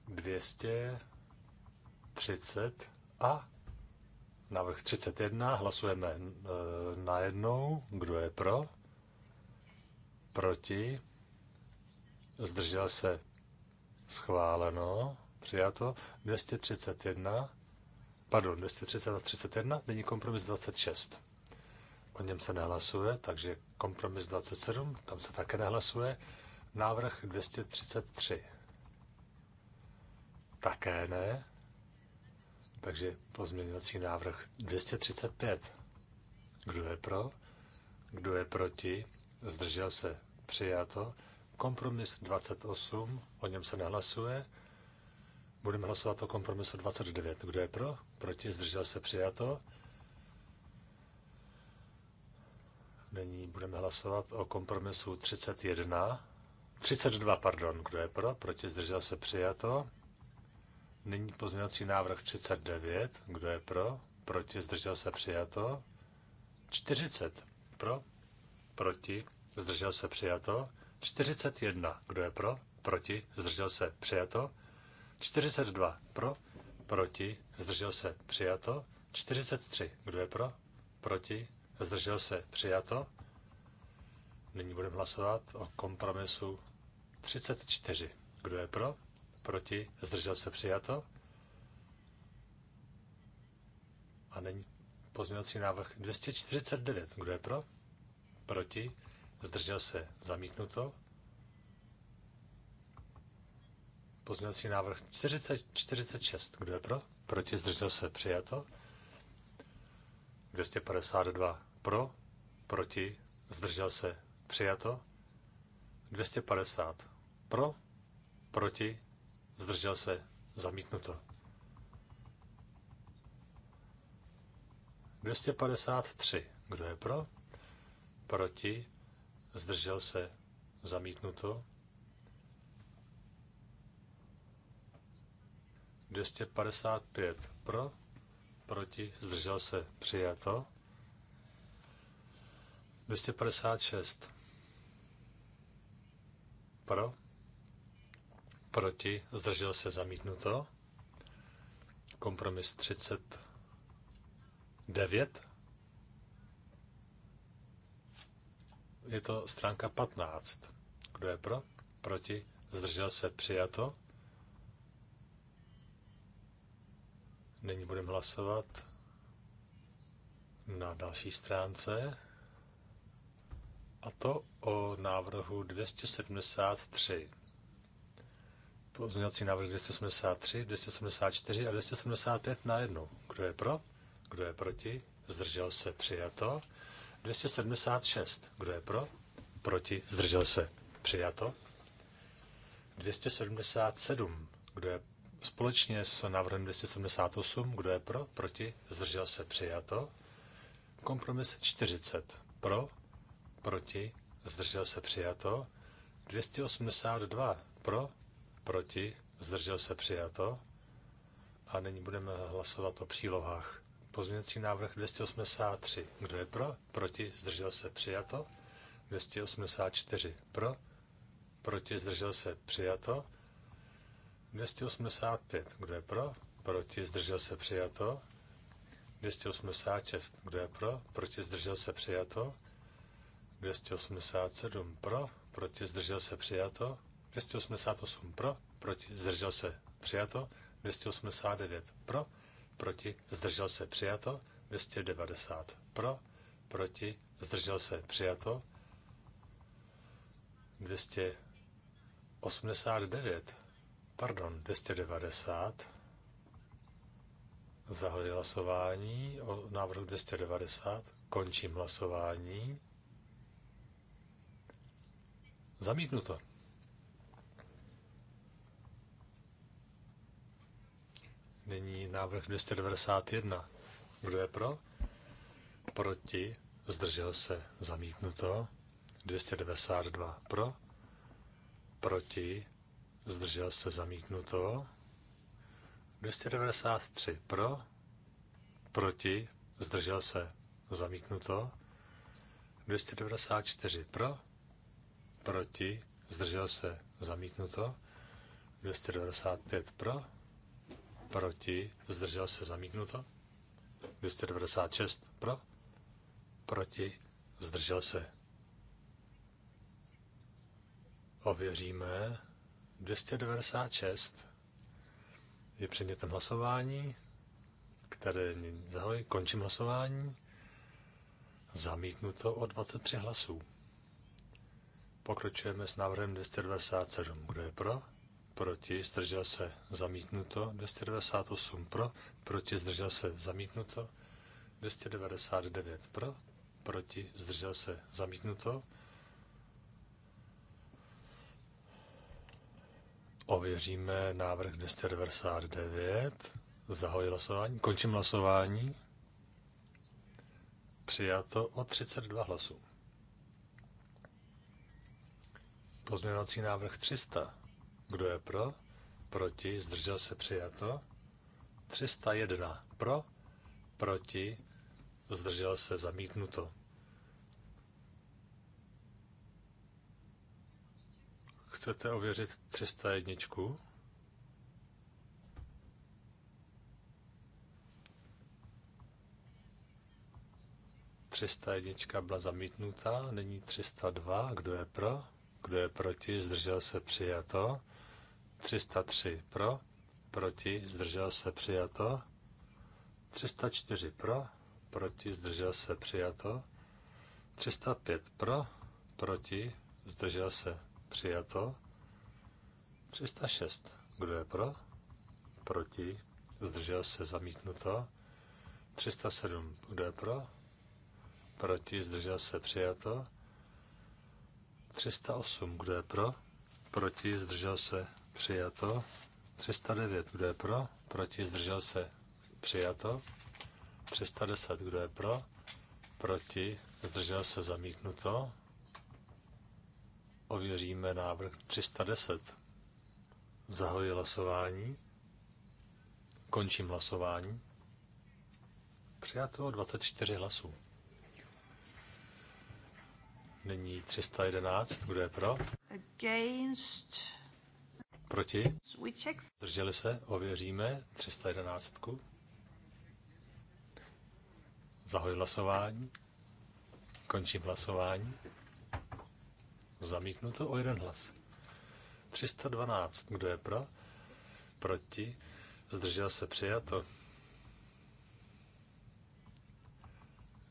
230 a návrh 31, hlasujeme eh, najednou, kdo je pro, proti, zdržel se schváleno, přijato, 231, pardon, 230 a 31, není kompromis 26 o něm se nehlasuje, takže kompromis 27, tam se také nehlasuje. Návrh 233. Také ne. Takže pozměňovací návrh 235. Kdo je pro? Kdo je proti? Zdržel se? Přijato. Kompromis 28, o něm se nehlasuje. Budeme hlasovat o kompromisu 29. Kdo je pro? Proti? Zdržel se? Přijato. Nyní budeme hlasovat o kompromisu 31. 32, pardon, kdo je pro, proti zdržel se přijato. Nyní pozměňovací návrh 39, kdo je pro, proti zdržel se přijato. 40, pro, proti, zdržel se přijato. 41, kdo je pro, proti, zdržel se přijato. 42, pro, proti, zdržel se přijato. 43, kdo je pro, proti, zdržel se, přijato. Nyní budeme hlasovat o kompromisu 34. Kdo je pro? Proti? Zdržel se přijato? A není pozměňovací návrh 249. Kdo je pro? Proti? Zdržel se zamítnuto? Pozměňovací návrh 40, 46. Kdo je pro? Proti? Zdržel se přijato? 252. Pro, proti, zdržel se, přijato. 250. Pro, proti, zdržel se, zamítnuto. 253. Kdo je pro? Proti, zdržel se, zamítnuto. 255 pro, proti, zdržel se, přijato. 256. Pro. Proti. Zdržel se zamítnuto. Kompromis 39. Je to stránka 15. Kdo je pro? Proti. Zdržel se přijato. Nyní budeme hlasovat na další stránce a to o návrhu 273. Pozměňovací návrh 273, 274 a 275 na jednu. Kdo je pro? Kdo je proti? Zdržel se přijato. 276. Kdo je pro? Proti? Zdržel se přijato. 277. Kdo je společně s návrhem 278? Kdo je pro? Proti? Zdržel se přijato. Kompromis 40. Pro? proti, zdržel se přijato. 282 pro, proti, zdržel se přijato. A nyní budeme hlasovat o přílohách. Pozměňovací návrh 283. Kdo je pro? Proti, zdržel se přijato. 284 pro, proti, zdržel se přijato. 285. Kdo je pro? Proti, zdržel se přijato. 286. Kdo je pro? Proti, zdržel se přijato. 287 pro, proti zdržel se přijato, 288 pro, proti zdržel se přijato, 289 pro, proti zdržel se přijato, 290 pro, proti zdržel se přijato, 289, pardon, 290, zahajuji hlasování o návrhu 290, končím hlasování. Zamítnuto. Nyní návrh 291. Kdo je pro? Proti? Zdržel se? Zamítnuto. 292 pro? Proti? Zdržel se? Zamítnuto. 293 pro? Proti? Zdržel se? Zamítnuto. 294 pro? proti, zdržel se, zamítnuto. 295 pro, proti, zdržel se, zamítnuto. 296 pro, proti, zdržel se. Ověříme. 296 je předmětem hlasování, které zahoj, končím hlasování. Zamítnuto o 23 hlasů. Pokračujeme s návrhem 297. Kdo je pro? Proti, zdržel se, zamítnuto. 298 pro, proti, zdržel se, zamítnuto. 299 pro, proti, zdržel se, zamítnuto. Ověříme návrh 299. Zahoj hlasování. Končím hlasování. Přijato o 32 hlasů. Pozměňovací návrh 300. Kdo je pro? Proti? Zdržel se přijato? 301. Pro? Proti? Zdržel se zamítnuto. Chcete ověřit 301? jednička byla zamítnutá, není 302, kdo je pro? Kdo je proti? Zdržel se přijato. 303 pro. Proti? Zdržel se přijato. 304 pro. Proti? Zdržel se přijato. 305 pro. Proti? Zdržel se přijato. 306. Kdo je pro? Proti? Zdržel se zamítnuto. 307. Kdo je pro? Proti? Zdržel se přijato. 308, kdo je pro? Proti, zdržel se, přijato. 309, kdo je pro? Proti, zdržel se, přijato. 310, kdo je pro? Proti, zdržel se, zamítnuto. Ověříme návrh 310. Zahoji hlasování. Končím hlasování. Přijato 24 hlasů. Nyní 311, kdo je pro? Against. Proti? Zdrželi se, ověříme 311. Zahoj hlasování. Končím hlasování. Zamítnuto o jeden hlas. 312. Kdo je pro? Proti? Zdržel se přijato.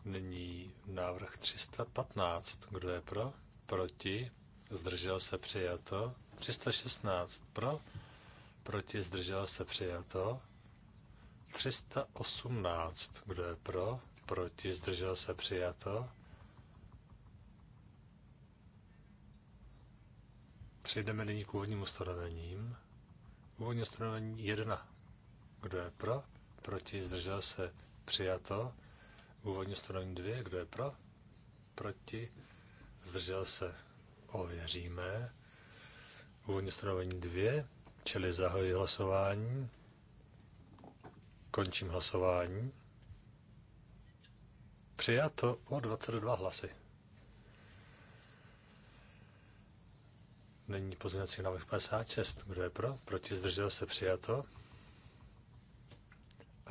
Nyní návrh 315. Kdo je pro? Proti? Zdržel se přijato. 316 pro? Proti? Zdržel se přijato. 318. Kdo je pro? Proti? Zdržel se přijato. Přejdeme nyní k úvodním ustanovením. Úvodní ustanovení 1. Kdo je pro? Proti? Zdržel se přijato. Úvodní ustanovení 2, kdo je pro? Proti? Zdržel se? Ověříme. Úvodní ustanovení 2, čili zahoji hlasování. Končím hlasování. Přijato o 22 hlasy. Není pozměnací návrh 56. Kdo je pro? Proti zdržel se přijato.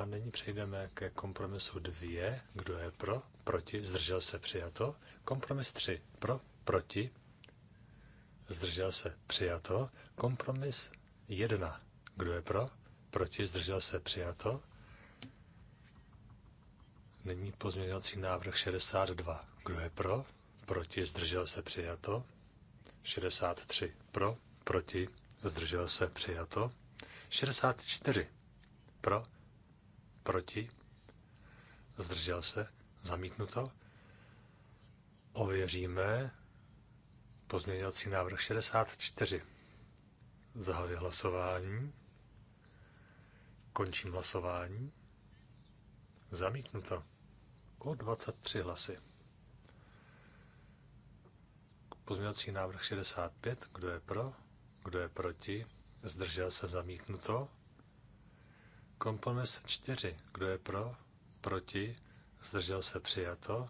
A nyní přejdeme ke kompromisu 2. Kdo je pro? Proti? Zdržel se? Přijato. Kompromis 3. Pro? Proti? Zdržel se? Přijato. Kompromis 1. Kdo je pro? Proti? Zdržel se? Přijato. Nyní pozměňovací návrh 62. Kdo je pro? Proti? Zdržel se? Přijato. 63. Pro? Proti? Zdržel se? Přijato. 64. Pro? proti, zdržel se, zamítnuto. Ověříme pozměňovací návrh 64. Zahajuji hlasování. Končím hlasování. Zamítnuto. O 23 hlasy. Pozměňovací návrh 65. Kdo je pro? Kdo je proti? Zdržel se zamítnuto. Kompromis 4. Kdo je pro? Proti? Zdržel se přijato?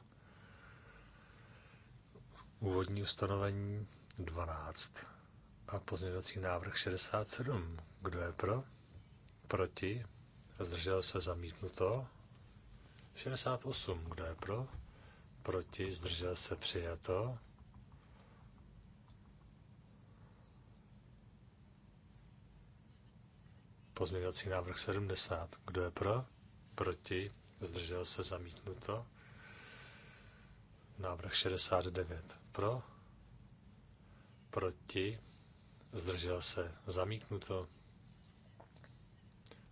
Úvodní ustanovení 12 a pozměňovací návrh 67. Kdo je pro? Proti? Zdržel se zamítnuto? 68. Kdo je pro? Proti? Zdržel se přijato? Pozměňovací návrh 70. Kdo je pro? Proti? Zdržel se zamítnuto. Návrh 69. Pro? Proti? Zdržel se zamítnuto.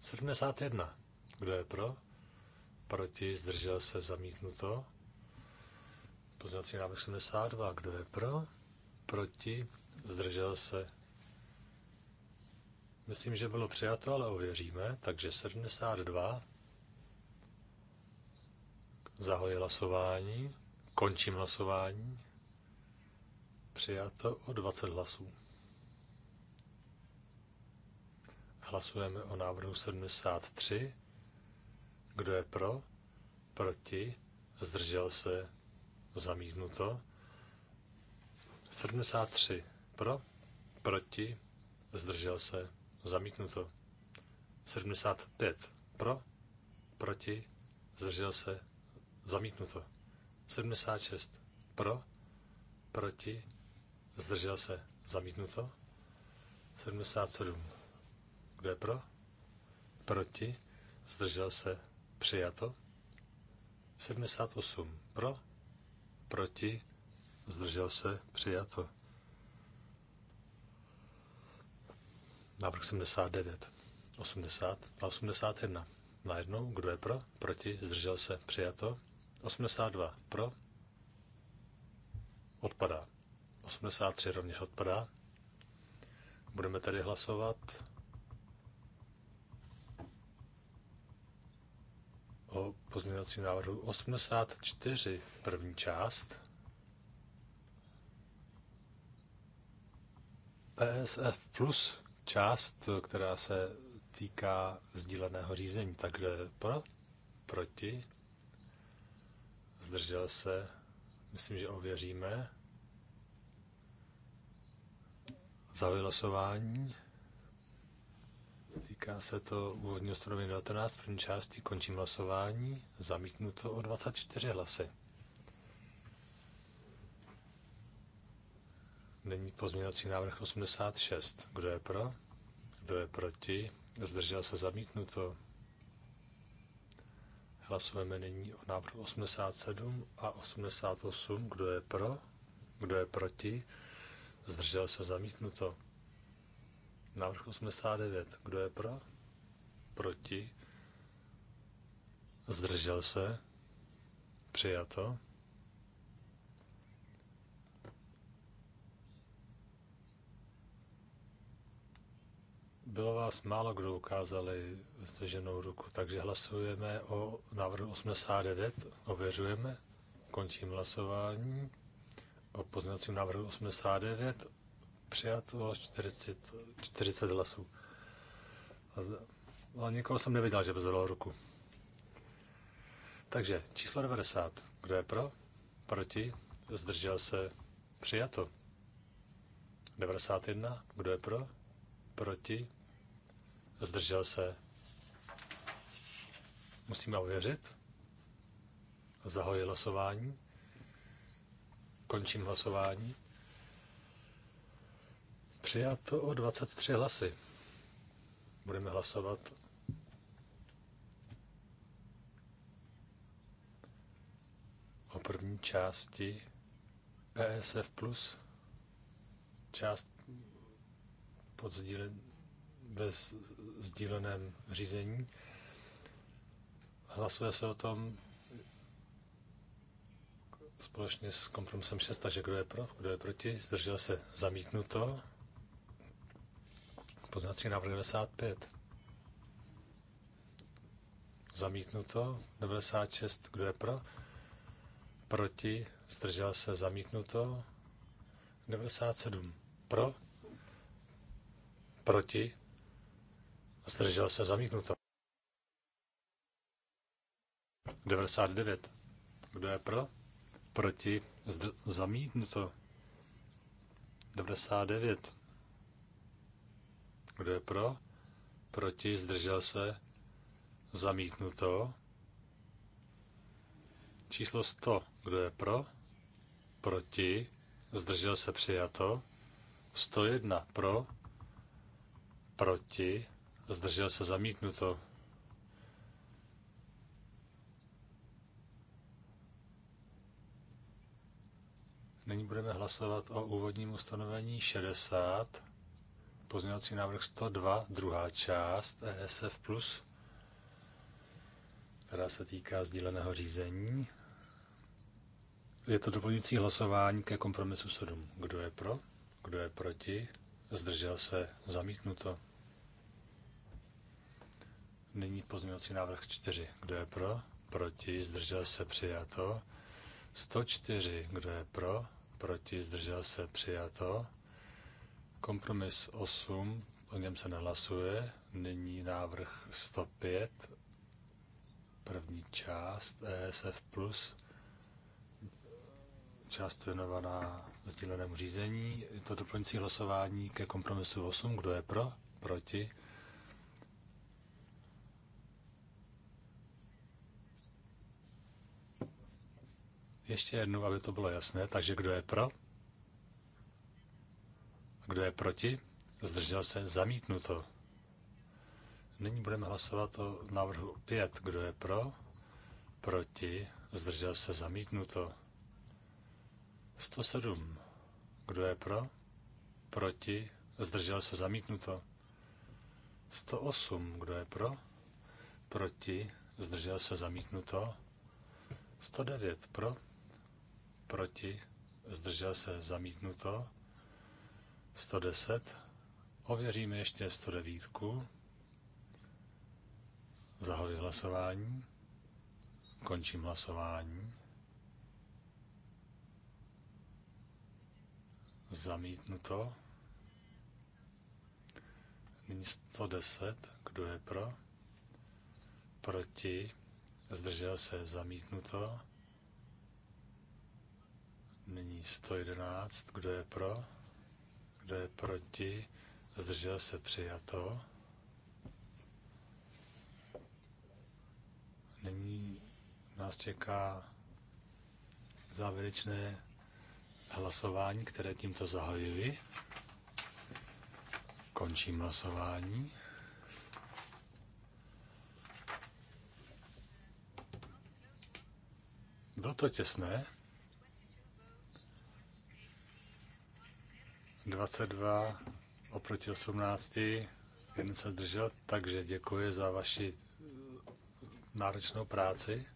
71. Kdo je pro? Proti? Zdržel se zamítnuto. Pozměňovací návrh 72. Kdo je pro? Proti? Zdržel se Myslím, že bylo přijato, ale ověříme. Takže 72. Zahoji hlasování. Končím hlasování. Přijato o 20 hlasů. Hlasujeme o návrhu 73. Kdo je pro? Proti? Zdržel se? Zamítnuto? 73. Pro? Proti? Zdržel se? Zamítnuto. 75 pro, proti, zdržel se, zamítnuto. 76 pro, proti, zdržel se, zamítnuto. 77. Kdo je pro? Proti, zdržel se, přijato. 78 pro, proti, zdržel se, přijato. Návrh 79. 80 a 81. Najednou, kdo je pro? Proti? Zdržel se? Přijato? 82. Pro? Odpadá. 83 rovněž odpadá. Budeme tedy hlasovat o pozměňovacím návrhu 84, první část. PSF e plus část, eh, která se týká sdíleného řízení. Takže pro, proti, zdržel se, myslím, že ověříme. Za vylosování. Týká se to úvodního stanovení 19, první části, končím hlasování, zamítnuto o 24 hlasy. Nyní pozměňovací návrh 86. Kdo je pro? Kdo je proti? Zdržel se zamítnuto. Hlasujeme nyní o návrhu 87 a 88. Kdo je pro? Kdo je proti? Zdržel se zamítnuto. Návrh 89. Kdo je pro? Proti? Zdržel se? Přijato. Bylo vás málo, kdo ukázali zdrženou ruku, takže hlasujeme o návrhu 89, ověřujeme, končím hlasování. O pozměňovacím návrhu 89 přijato 40, 40 hlasů. ale nikoho jsem neviděl, že by zvedal ruku. Takže číslo 90. Kdo je pro? Proti? Zdržel se? Přijato. 91. Kdo je pro? Proti? zdržel se. Musíme ověřit. Zahoji hlasování. Končím hlasování. Přijato o 23 hlasy. Budeme hlasovat o první části ESF+, plus část podsdílen bez sdíleném řízení. Hlasuje se o tom společně s kompromisem 6, takže kdo je pro, kdo je proti, zdržel se zamítnuto. Poznací návrh 95. Zamítnuto. 96, kdo je pro? Proti, zdržel se zamítnuto. 97, pro? Proti, Zdržel se zamítnuto. 99. Kdo je pro? Proti? Zdr- zamítnuto. 99. Kdo je pro? Proti? Zdržel se? Zamítnuto. Číslo 100. Kdo je pro? Proti? Zdržel se přijato. 101. Pro? Proti? zdržel se zamítnuto. Nyní budeme hlasovat o úvodním ustanovení 60, pozměňovací návrh 102, druhá část ESF+, která se týká sdíleného řízení. Je to doplňující hlasování ke kompromisu 7. Kdo je pro? Kdo je proti? Zdržel se? Zamítnuto. Nyní pozměňovací návrh 4. Kdo je pro? Proti? Zdržel se? Přijato. 104. Kdo je pro? Proti? Zdržel se? Přijato. Kompromis 8. O něm se nehlasuje. Nyní návrh 105. První část ESF+. Plus část věnovaná sdílenému řízení. Je to doplňující hlasování ke kompromisu 8. Kdo je pro? Proti? Ještě jednou, aby to bylo jasné. Takže kdo je pro? Kdo je proti? Zdržel se zamítnuto. Nyní budeme hlasovat o návrhu 5. Kdo je pro? Proti? Zdržel se zamítnuto. 107. Kdo je pro? Proti? Zdržel se zamítnuto. 108. Kdo je pro? Proti? Zdržel se zamítnuto. 109. Pro? proti, zdržel se, zamítnuto. 110, ověříme ještě 109. Zahoji hlasování, končím hlasování. Zamítnuto. Nyní 110, kdo je pro? Proti, zdržel se, zamítnuto. Nyní 111. Kdo je pro? Kdo je proti? Zdržel se přijato. Nyní nás čeká závěrečné hlasování, které tímto zahajuji. Končím hlasování. Bylo to těsné. 22 oproti 18, jen se držel, takže děkuji za vaši eh, náročnou práci.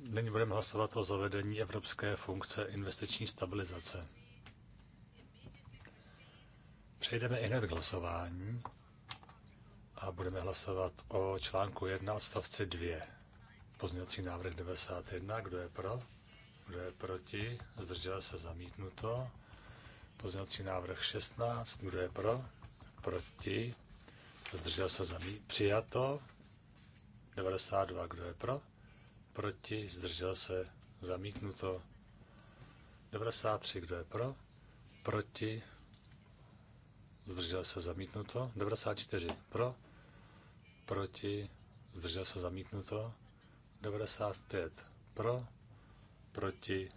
Nyní budeme hlasovat o zavedení Evropské funkce investiční stabilizace. Přejdeme i hned k hlasování a budeme hlasovat o článku 1 odstavci 2. Pozměňovací návrh 91. Kdo je pro? Kdo je proti? Zdržel se zamítnuto. Pozměňovací návrh 16. Kdo je pro? Proti? Zdržel se zamít. Přijato. 92. Kdo je pro? Proti? Zdržel se zamítnuto. 93. Kdo je pro? Proti? Zdržel se zamítnuto. 94. Pro? proti, zdržel se zamítnuto, 95 pro, proti,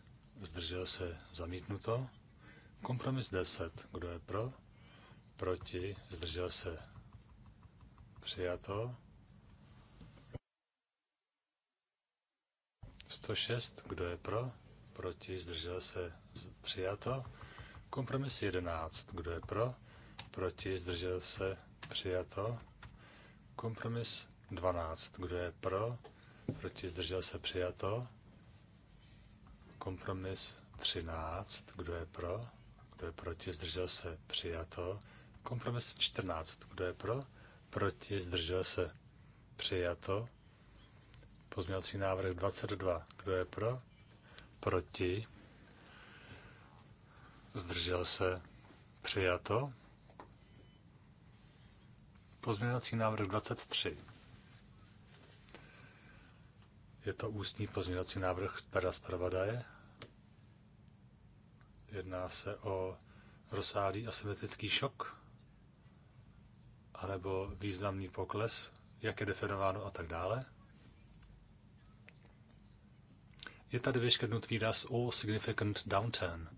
zdržel se zamítnuto, kompromis 10, kdo je pro, proti, zdržel se přijato, 106, kdo je pro, proti, zdržel se přijato, kompromis 11, kdo je pro, proti, zdržel se přijato, Kompromis 12. Kdo je pro? Proti zdržel se přijato. Kompromis 13. Kdo je pro? Kdo je proti? Zdržel se přijato. Kompromis 14. Kdo je pro? Proti? Zdržel se přijato. Pozměňovací návrh 22. Kdo je pro? Proti? Zdržel se přijato. Pozměňovací návrh 23. Je to ústní pozměňovací návrh z pera zpravodaje. Jedná se o rozsáhlý asymetrický šok anebo významný pokles, jak je definováno a tak dále. Je tady vyškrtnut výraz o significant downturn.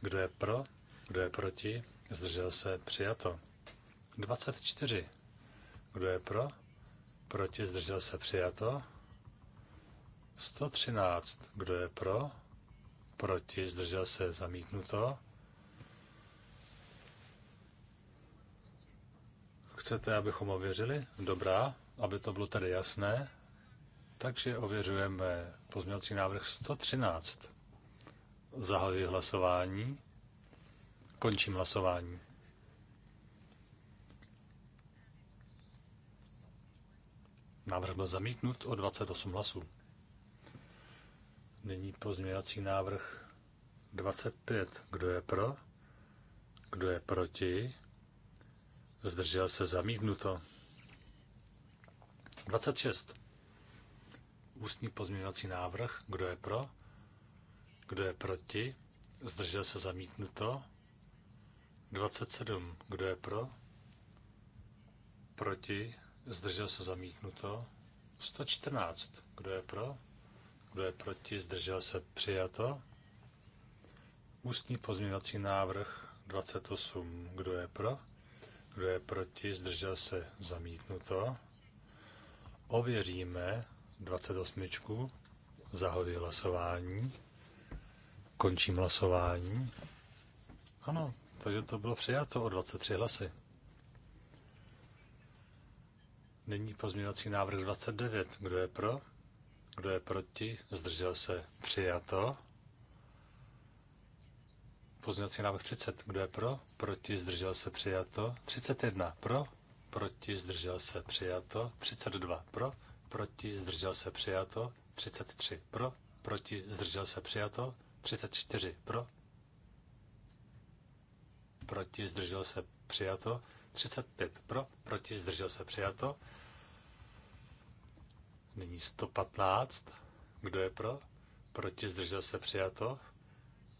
Kdo je pro, kdo je proti, zdržel se, přijato. 24. Kdo je pro? Proti zdržel se přijato. 113. Kdo je pro? Proti zdržel se zamítnuto. Chcete, abychom ověřili? Dobrá, aby to bylo tady jasné. Takže ověřujeme pozměňovací návrh 113. Zahajuji hlasování. Končím hlasování. Návrh byl zamítnut o 28 hlasů. Nyní pozměňovací návrh 25. Kdo je pro? Kdo je proti? Zdržel se zamítnuto. 26. Ústní pozměňovací návrh. Kdo je pro? Kdo je proti? Zdržel se zamítnuto. 27. Kdo je pro? Proti? zdržel se zamítnuto. 114. Kdo je pro? Kdo je proti? Zdržel se přijato. Ústní pozměňovací návrh 28. Kdo je pro? Kdo je proti? Zdržel se zamítnuto. Ověříme 28. Zahoji hlasování. Končím hlasování. Ano, takže to bylo přijato o 23 hlasy. Nyní pozměňovací návrh 29. Kdo je pro? Kdo je proti? Zdržel se? Přijato. Pozměňovací návrh 30. Kdo je pro? Proti? Zdržel se? Přijato. 31. Pro? Proti? Zdržel se? Přijato. 32. Pro? Proti? Zdržel se? Přijato. 33. Pro? Proti? Zdržel se? Přijato. 34. Pro? Proti? Zdržel se? Přijato. 35 pro, proti, zdržel se přijato. Nyní 115. Kdo je pro? Proti, zdržel se přijato.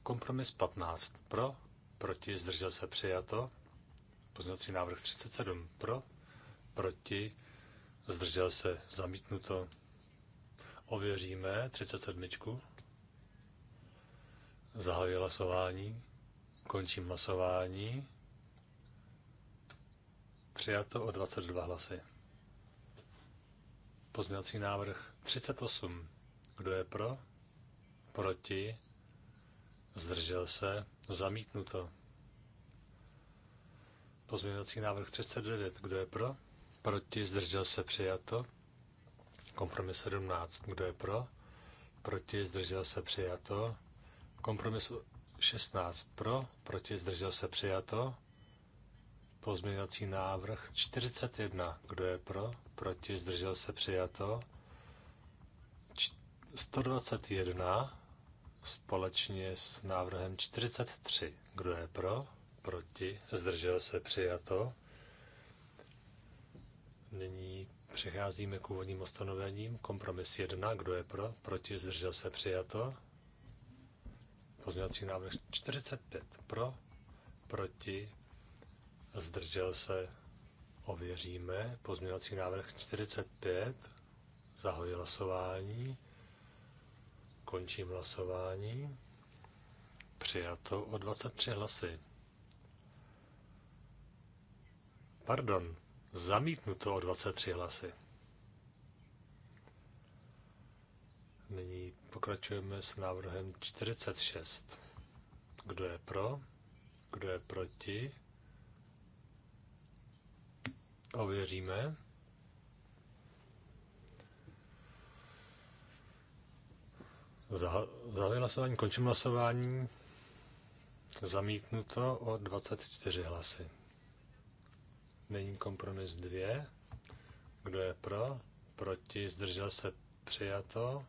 Kompromis 15 pro, proti, zdržel se přijato. Pozměňovací návrh 37 pro, proti, zdržel se zamítnuto. Ověříme 37. Zahajuji hlasování, končím hlasování. Přijato o 22 hlasy. Pozměňovací návrh 38. Kdo je pro? Proti? Zdržel se? Zamítnuto. Pozměňovací návrh 39. Kdo je pro? Proti? Zdržel se? Přijato. Kompromis 17. Kdo je pro? Proti? Zdržel se? Přijato. Kompromis 16. Pro? Proti? Zdržel se? Přijato. Pozměňovací návrh 41. Kdo je pro? Proti? Zdržel se přijato. 121 společně s návrhem 43. Kdo je pro? Proti? Zdržel se přijato. Nyní přecházíme k úvodním ustanovením. Kompromis 1. Kdo je pro? Proti? Zdržel se přijato. Pozměňovací návrh 45. Pro? Proti? zdržel se, ověříme. Pozměňovací návrh 45, zahoji hlasování, končím hlasování. Přijato o 23 hlasy. Pardon, zamítnuto o 23 hlasy. Nyní pokračujeme s návrhem 46. Kdo je pro? Kdo je proti? Ověříme. Zahajuji hlasování, končím hlasování. Zamítnuto o 24 hlasy. Není kompromis 2. Kdo je pro? Proti? Zdržel se? Přijato.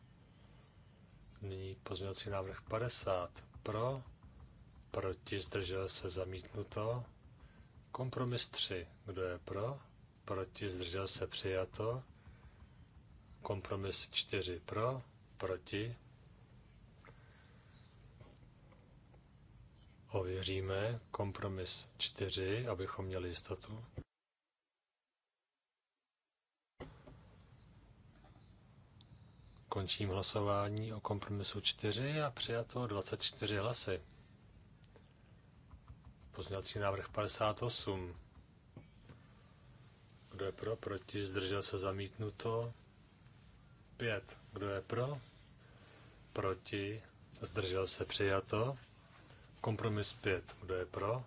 Nyní pozměňovací návrh 50. Pro? Proti? Zdržel se? Zamítnuto. Kompromis 3. Kdo je pro? proti, zdržel se přijato. Kompromis 4 pro, proti. Ověříme kompromis 4, abychom měli jistotu. Končím hlasování o kompromisu 4 a přijato 24 hlasy. Pozměňovací návrh 58. Kdo je pro? Proti? Zdržel se zamítnuto. 5. Kdo je pro? Proti? Zdržel se přijato. Kompromis 5. Kdo je pro?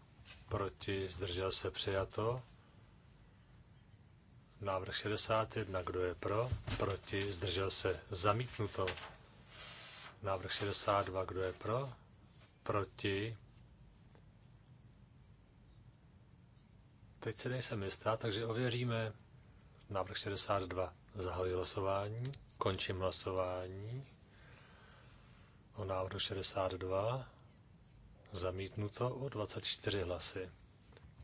Proti? Zdržel se přijato. Návrh 61. Kdo je pro? Proti? Zdržel se zamítnuto. Návrh 62. Kdo je pro? Proti? Teď se nejsem jistá, takže ověříme návrh 62. Zahajuji hlasování, končím hlasování o návrhu 62. Zamítnuto o 24 hlasy.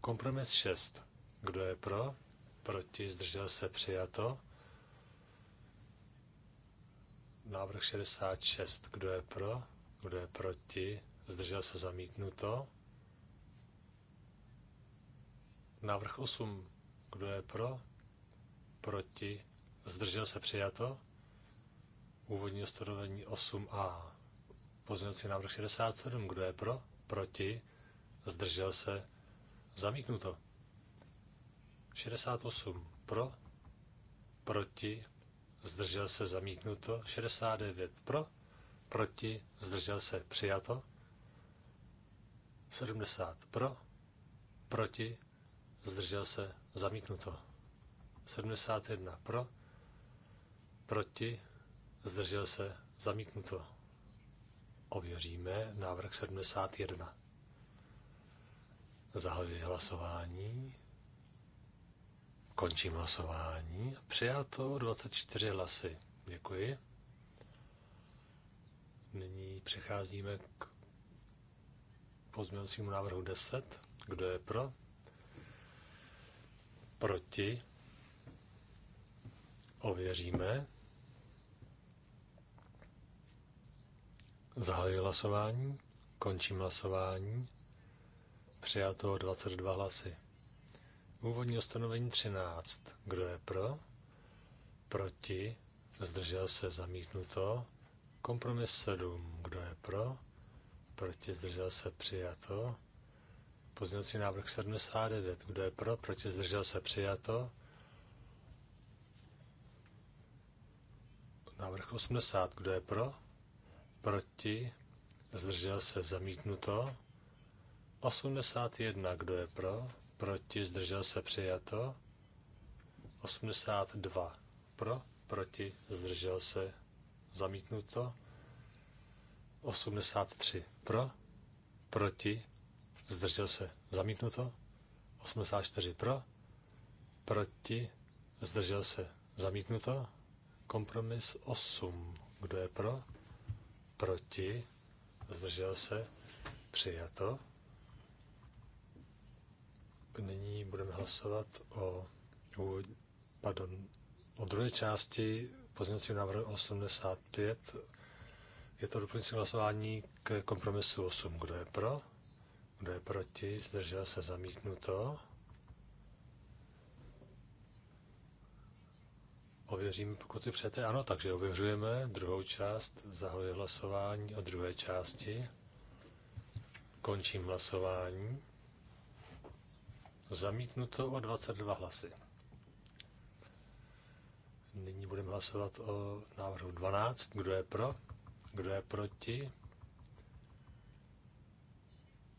Kompromis 6. Kdo je pro? Proti? Zdržel se? Přijato. Návrh 66. Kdo je pro? Kdo je proti? Zdržel se? Zamítnuto. Návrh 8. Kdo je pro? Proti? Zdržel se přijato? Úvodní ustanovení 8a. Pozměňovací návrh 67. Kdo je pro? Proti? Zdržel se? Zamítnuto. 68. Pro? Proti? Zdržel se? Zamítnuto. 69. Pro? Proti? Zdržel se? Přijato? 70. Pro? Proti? zdržel se, zamítnuto. 71 pro, proti, zdržel se, zamítnuto. Ověříme návrh 71. Zahajuji hlasování. Končím hlasování. Přijato 24 hlasy. Děkuji. Nyní přecházíme k pozměňovacímu návrhu 10. Kdo je pro? proti, ověříme. Zahajuji hlasování, končím hlasování, přijato 22 hlasy. Úvodní ustanovení 13. Kdo je pro? Proti? Zdržel se zamítnuto. Kompromis 7. Kdo je pro? Proti? Zdržel se přijato. Pozměňovací návrh 79. Kdo je pro? Proti? Zdržel se? Přijato. Návrh 80. Kdo je pro? Proti? Zdržel se? Zamítnuto. 81. Kdo je pro? Proti? Zdržel se? Přijato. 82. Pro? Proti? Zdržel se? Zamítnuto. 83. Pro? Proti? zdržel se, zamítnuto. 84 pro, proti, zdržel se, zamítnuto. Kompromis 8, kdo je pro, proti, zdržel se, přijato. Nyní budeme hlasovat o, pardon, o druhé části pozměňovacího návrhu 85. Je to doplňující hlasování k kompromisu 8. Kdo je pro? Kdo je proti? Zdržel se zamítnuto. Ověříme, pokud si přejete. Ano, takže ověřujeme druhou část. Zahajuji hlasování o druhé části. Končím hlasování. Zamítnuto o 22 hlasy. Nyní budeme hlasovat o návrhu 12. Kdo je pro? Kdo je proti?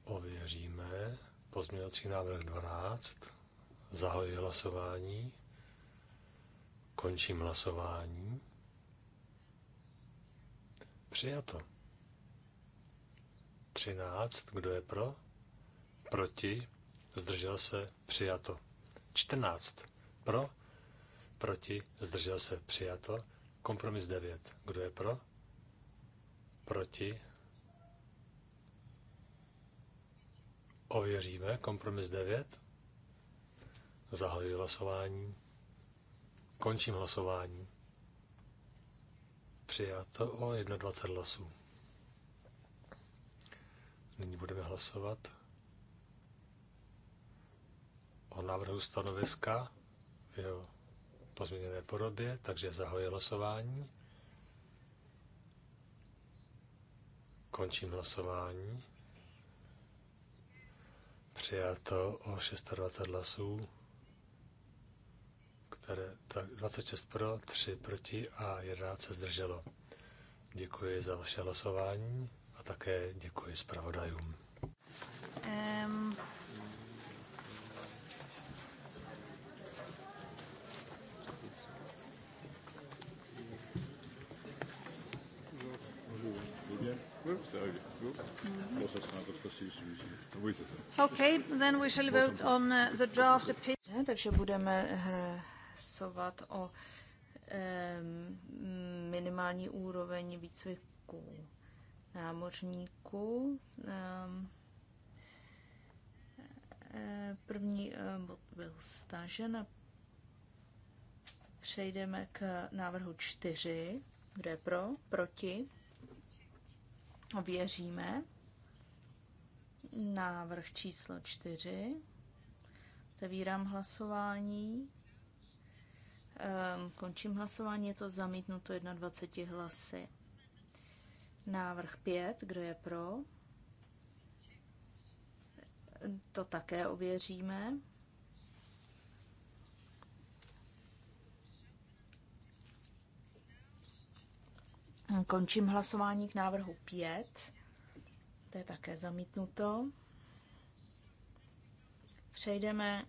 Ověříme pozměňovací návrh 12. Zahoji hlasování. Končím hlasování. Přijato. 13. Kdo je pro? Proti? Zdržel se? Přijato. 14. Pro? Proti? Zdržel se? Přijato. Kompromis 9. Kdo je pro? Proti? Ověříme kompromis 9. Zahajuji hlasování. Končím hlasování. Přijato o 21 hlasů. Nyní budeme hlasovat o návrhu stanoviska v jeho pozměněné podobě, takže zahajuji hlasování. Končím hlasování. Přijato o 26 hlasů, které, tak 26 pro, 3 proti a 11 se zdrželo. Děkuji za vaše hlasování a také děkuji zpravodajům. Um. Okay, then we shall vote on uh, the draft opinion. Takže budeme hlasovat o minimální úroveň výcviku námořníků. E, první e, bod byl stažen. Přejdeme k návrhu čtyři. Kdo je pro? Proti? Ověříme návrh číslo 4. Zavírám hlasování. Ehm, končím hlasování, je to zamítnuto 21 hlasy. Návrh 5, kdo je pro? To také ověříme. Končím hlasování k návrhu 5. To je také zamítnuto. Přejdeme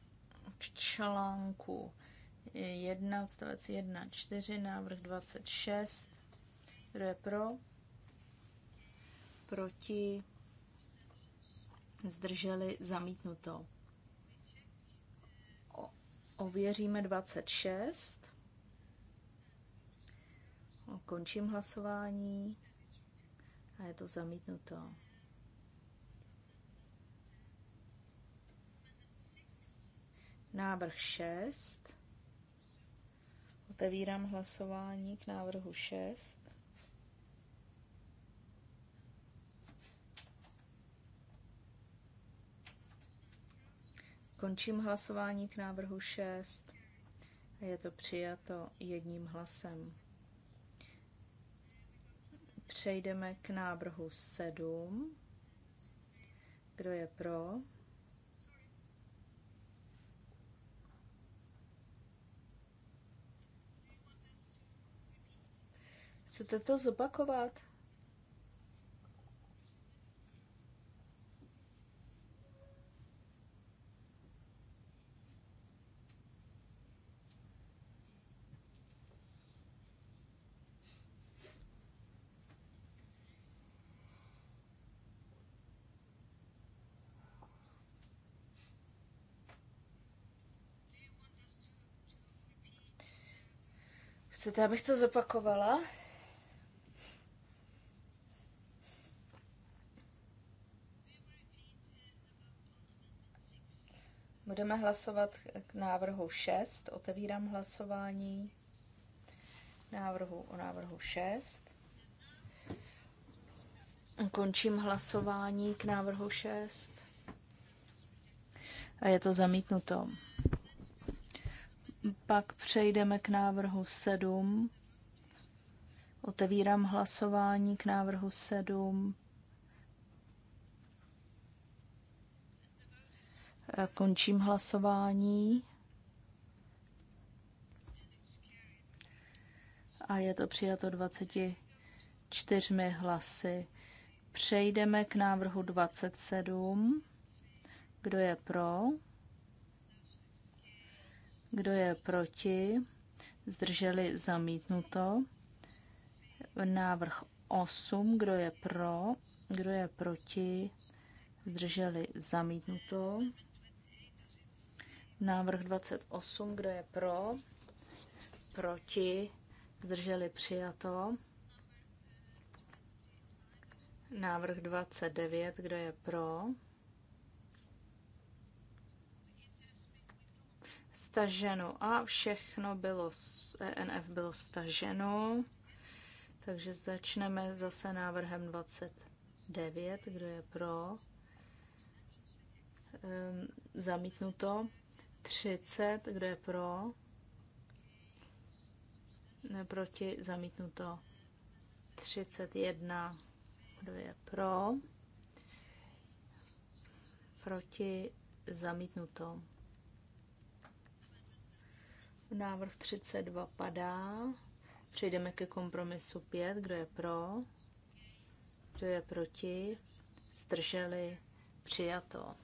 k článku 1, odstavec 1, 4, návrh 26. Kdo je pro? Proti? Zdrželi zamítnuto. O, ověříme 26. Končím hlasování a je to zamítnuto. Návrh 6. Otevírám hlasování k návrhu 6. Končím hlasování k návrhu 6. Je to přijato jedním hlasem. Přejdeme k návrhu 7. Kdo je pro? Chcete to zopakovat? Chcete, abych to zopakovala? Budeme hlasovat k návrhu 6. Otevírám hlasování návrhu o návrhu 6. Končím hlasování k návrhu 6. A je to zamítnuto. Pak přejdeme k návrhu 7. Otevírám hlasování k návrhu 7. Eh, končím hlasování. A je to přijato 24 hlasy. Přejdeme k návrhu 27. Kdo je pro? Kdo je proti? Zdrželi zamítnuto. Návrh 8. Kdo je pro? Kdo je proti? Zdrželi zamítnuto. Návrh 28. Kdo je pro? Proti? Zdrželi přijato. Návrh 29. Kdo je pro? staženo a všechno bylo, ENF bylo staženo, takže začneme zase návrhem 29, kdo je pro, um, zamítnuto, 30, kdo je pro, proti, zamítnuto, 31, kdo je pro, proti, zamítnuto. Návrh 32 padá. Přejdeme ke kompromisu 5. Kdo je pro? Kdo je proti? Zdrželi? Přijato.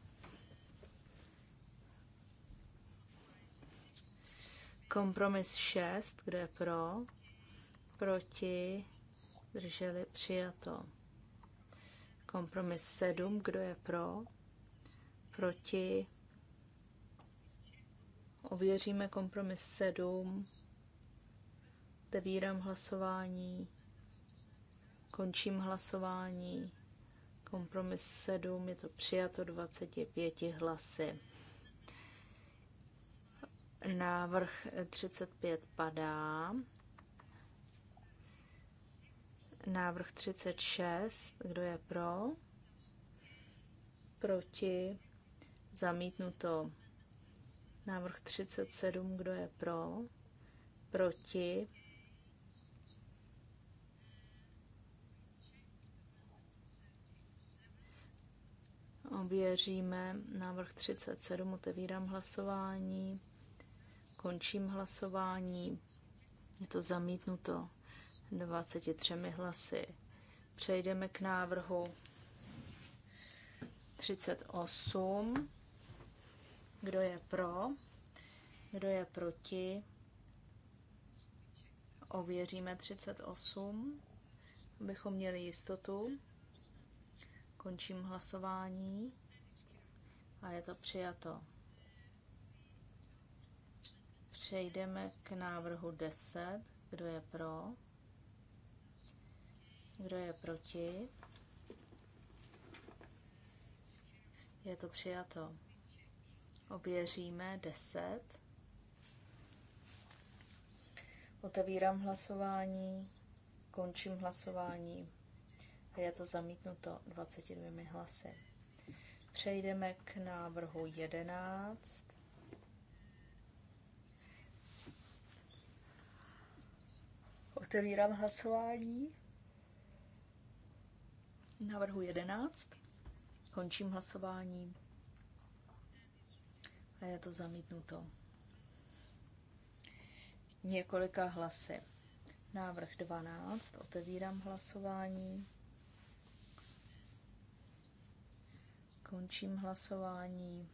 Kompromis 6. Kdo je pro? Proti? Zdrželi? Přijato. Kompromis 7. Kdo je pro? Proti? Ověříme kompromis 7. Otevírám hlasování. Končím hlasování. Kompromis 7 je to přijato 25 hlasy. Návrh 35 padá. Návrh 36. Kdo je pro? Proti? Zamítnuto. Návrh 37, kdo je pro? Proti? Ověříme návrh 37, otevírám hlasování, končím hlasování, je to zamítnuto 23 hlasy. Přejdeme k návrhu 38 kdo je pro? Kdo je proti? Ověříme 38, abychom měli jistotu. Končím hlasování a je to přijato. Přejdeme k návrhu 10. Kdo je pro? Kdo je proti? Je to přijato. Ověříme 10. Otevírám hlasování, končím hlasování a je to zamítnuto 22 hlasy. Přejdeme k návrhu 11. Otevírám hlasování. Navrhu 11. Končím hlasování a je to zamítnuto. Několika hlasy. Návrh 12. Otevírám hlasování. Končím hlasování.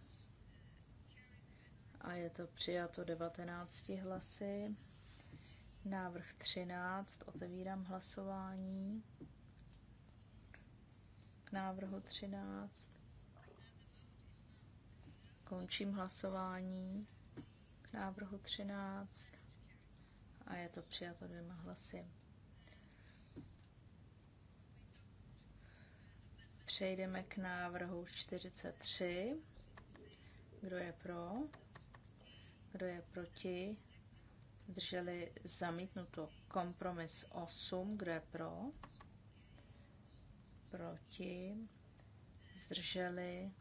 A je to přijato 19 hlasy. Návrh 13. Otevírám hlasování. K návrhu 13. Končím hlasování k návrhu 13 a je to přijato dvěma hlasy. Přejdeme k návrhu 43. Kdo je pro? Kdo je proti? Drželi zamítnuto kompromis 8. Kdo je pro? Proti? Zdrželi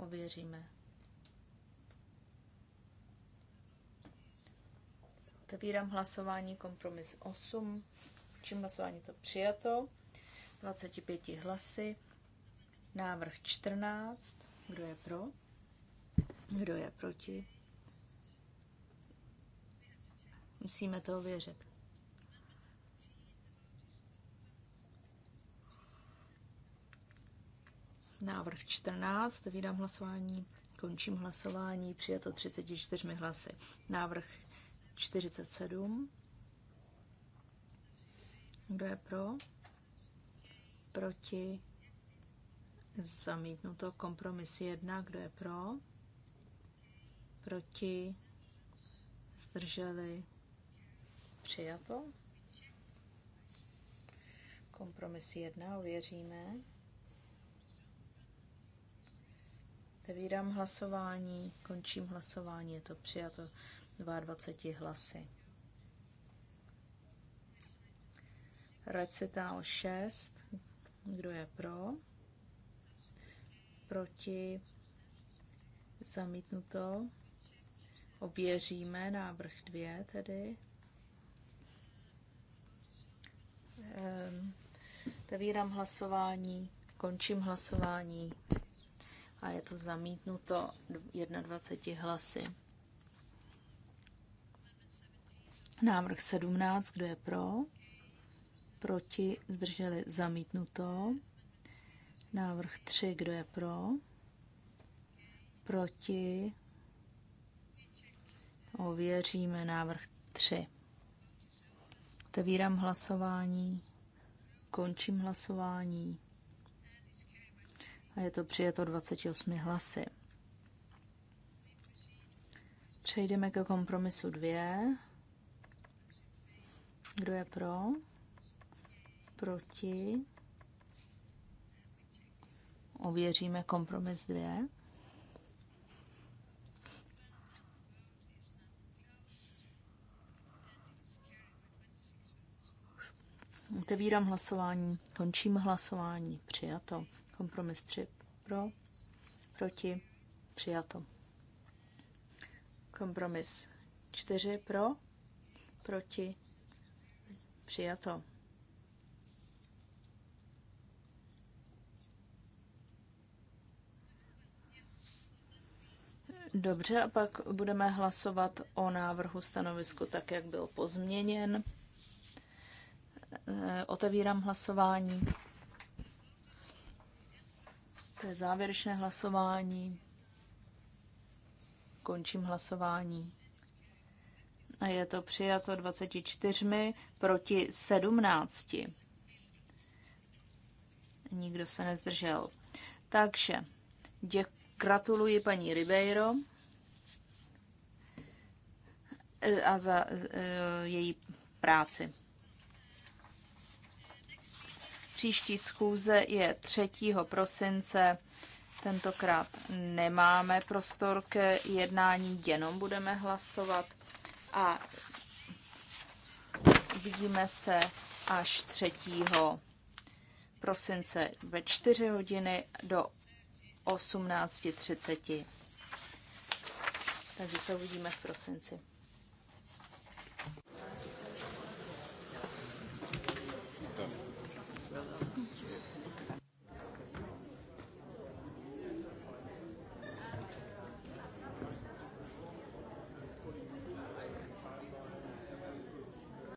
ověříme. Otevírám hlasování kompromis 8. Čím hlasování to přijato? 25 hlasy. Návrh 14. Kdo je pro? Kdo je proti? Musíme to ověřit. Návrh 14, vydám hlasování, končím hlasování, přijato 34 hlasy. Návrh 47, kdo je pro? Proti? Zamítnuto. Kompromis 1. Kdo je pro? Proti? Zdrželi? Přijato? Kompromis 1. Ověříme. Otevírám hlasování, končím hlasování, je to přijato 22 hlasy. Recital 6, kdo je pro? Proti? Zamítnuto? Ověříme návrh 2 tedy. Ehm, otevírám hlasování, končím hlasování a je to zamítnuto 21 hlasy. Návrh 17, kdo je pro? Proti, zdrželi zamítnuto. Návrh 3, kdo je pro? Proti. Ověříme návrh 3. Otevírám hlasování. Končím hlasování a je to přijeto 28 hlasy. Přejdeme ke kompromisu 2. Kdo je pro? Proti? Ověříme kompromis 2. Otevírám hlasování, končím hlasování, přijato. Kompromis 3 pro, proti, přijato. Kompromis 4 pro, proti, přijato. Dobře, a pak budeme hlasovat o návrhu stanovisku tak, jak byl pozměněn. Otevírám hlasování. To je závěrečné hlasování. Končím hlasování. A je to přijato 24 proti 17. Nikdo se nezdržel. Takže děk- gratuluji paní Ribeiro e, a za e, její práci. Příští schůze je 3. prosince. Tentokrát nemáme prostor k jednání, jenom budeme hlasovat a vidíme se až 3. prosince ve 4 hodiny do 18.30. Takže se uvidíme v prosinci.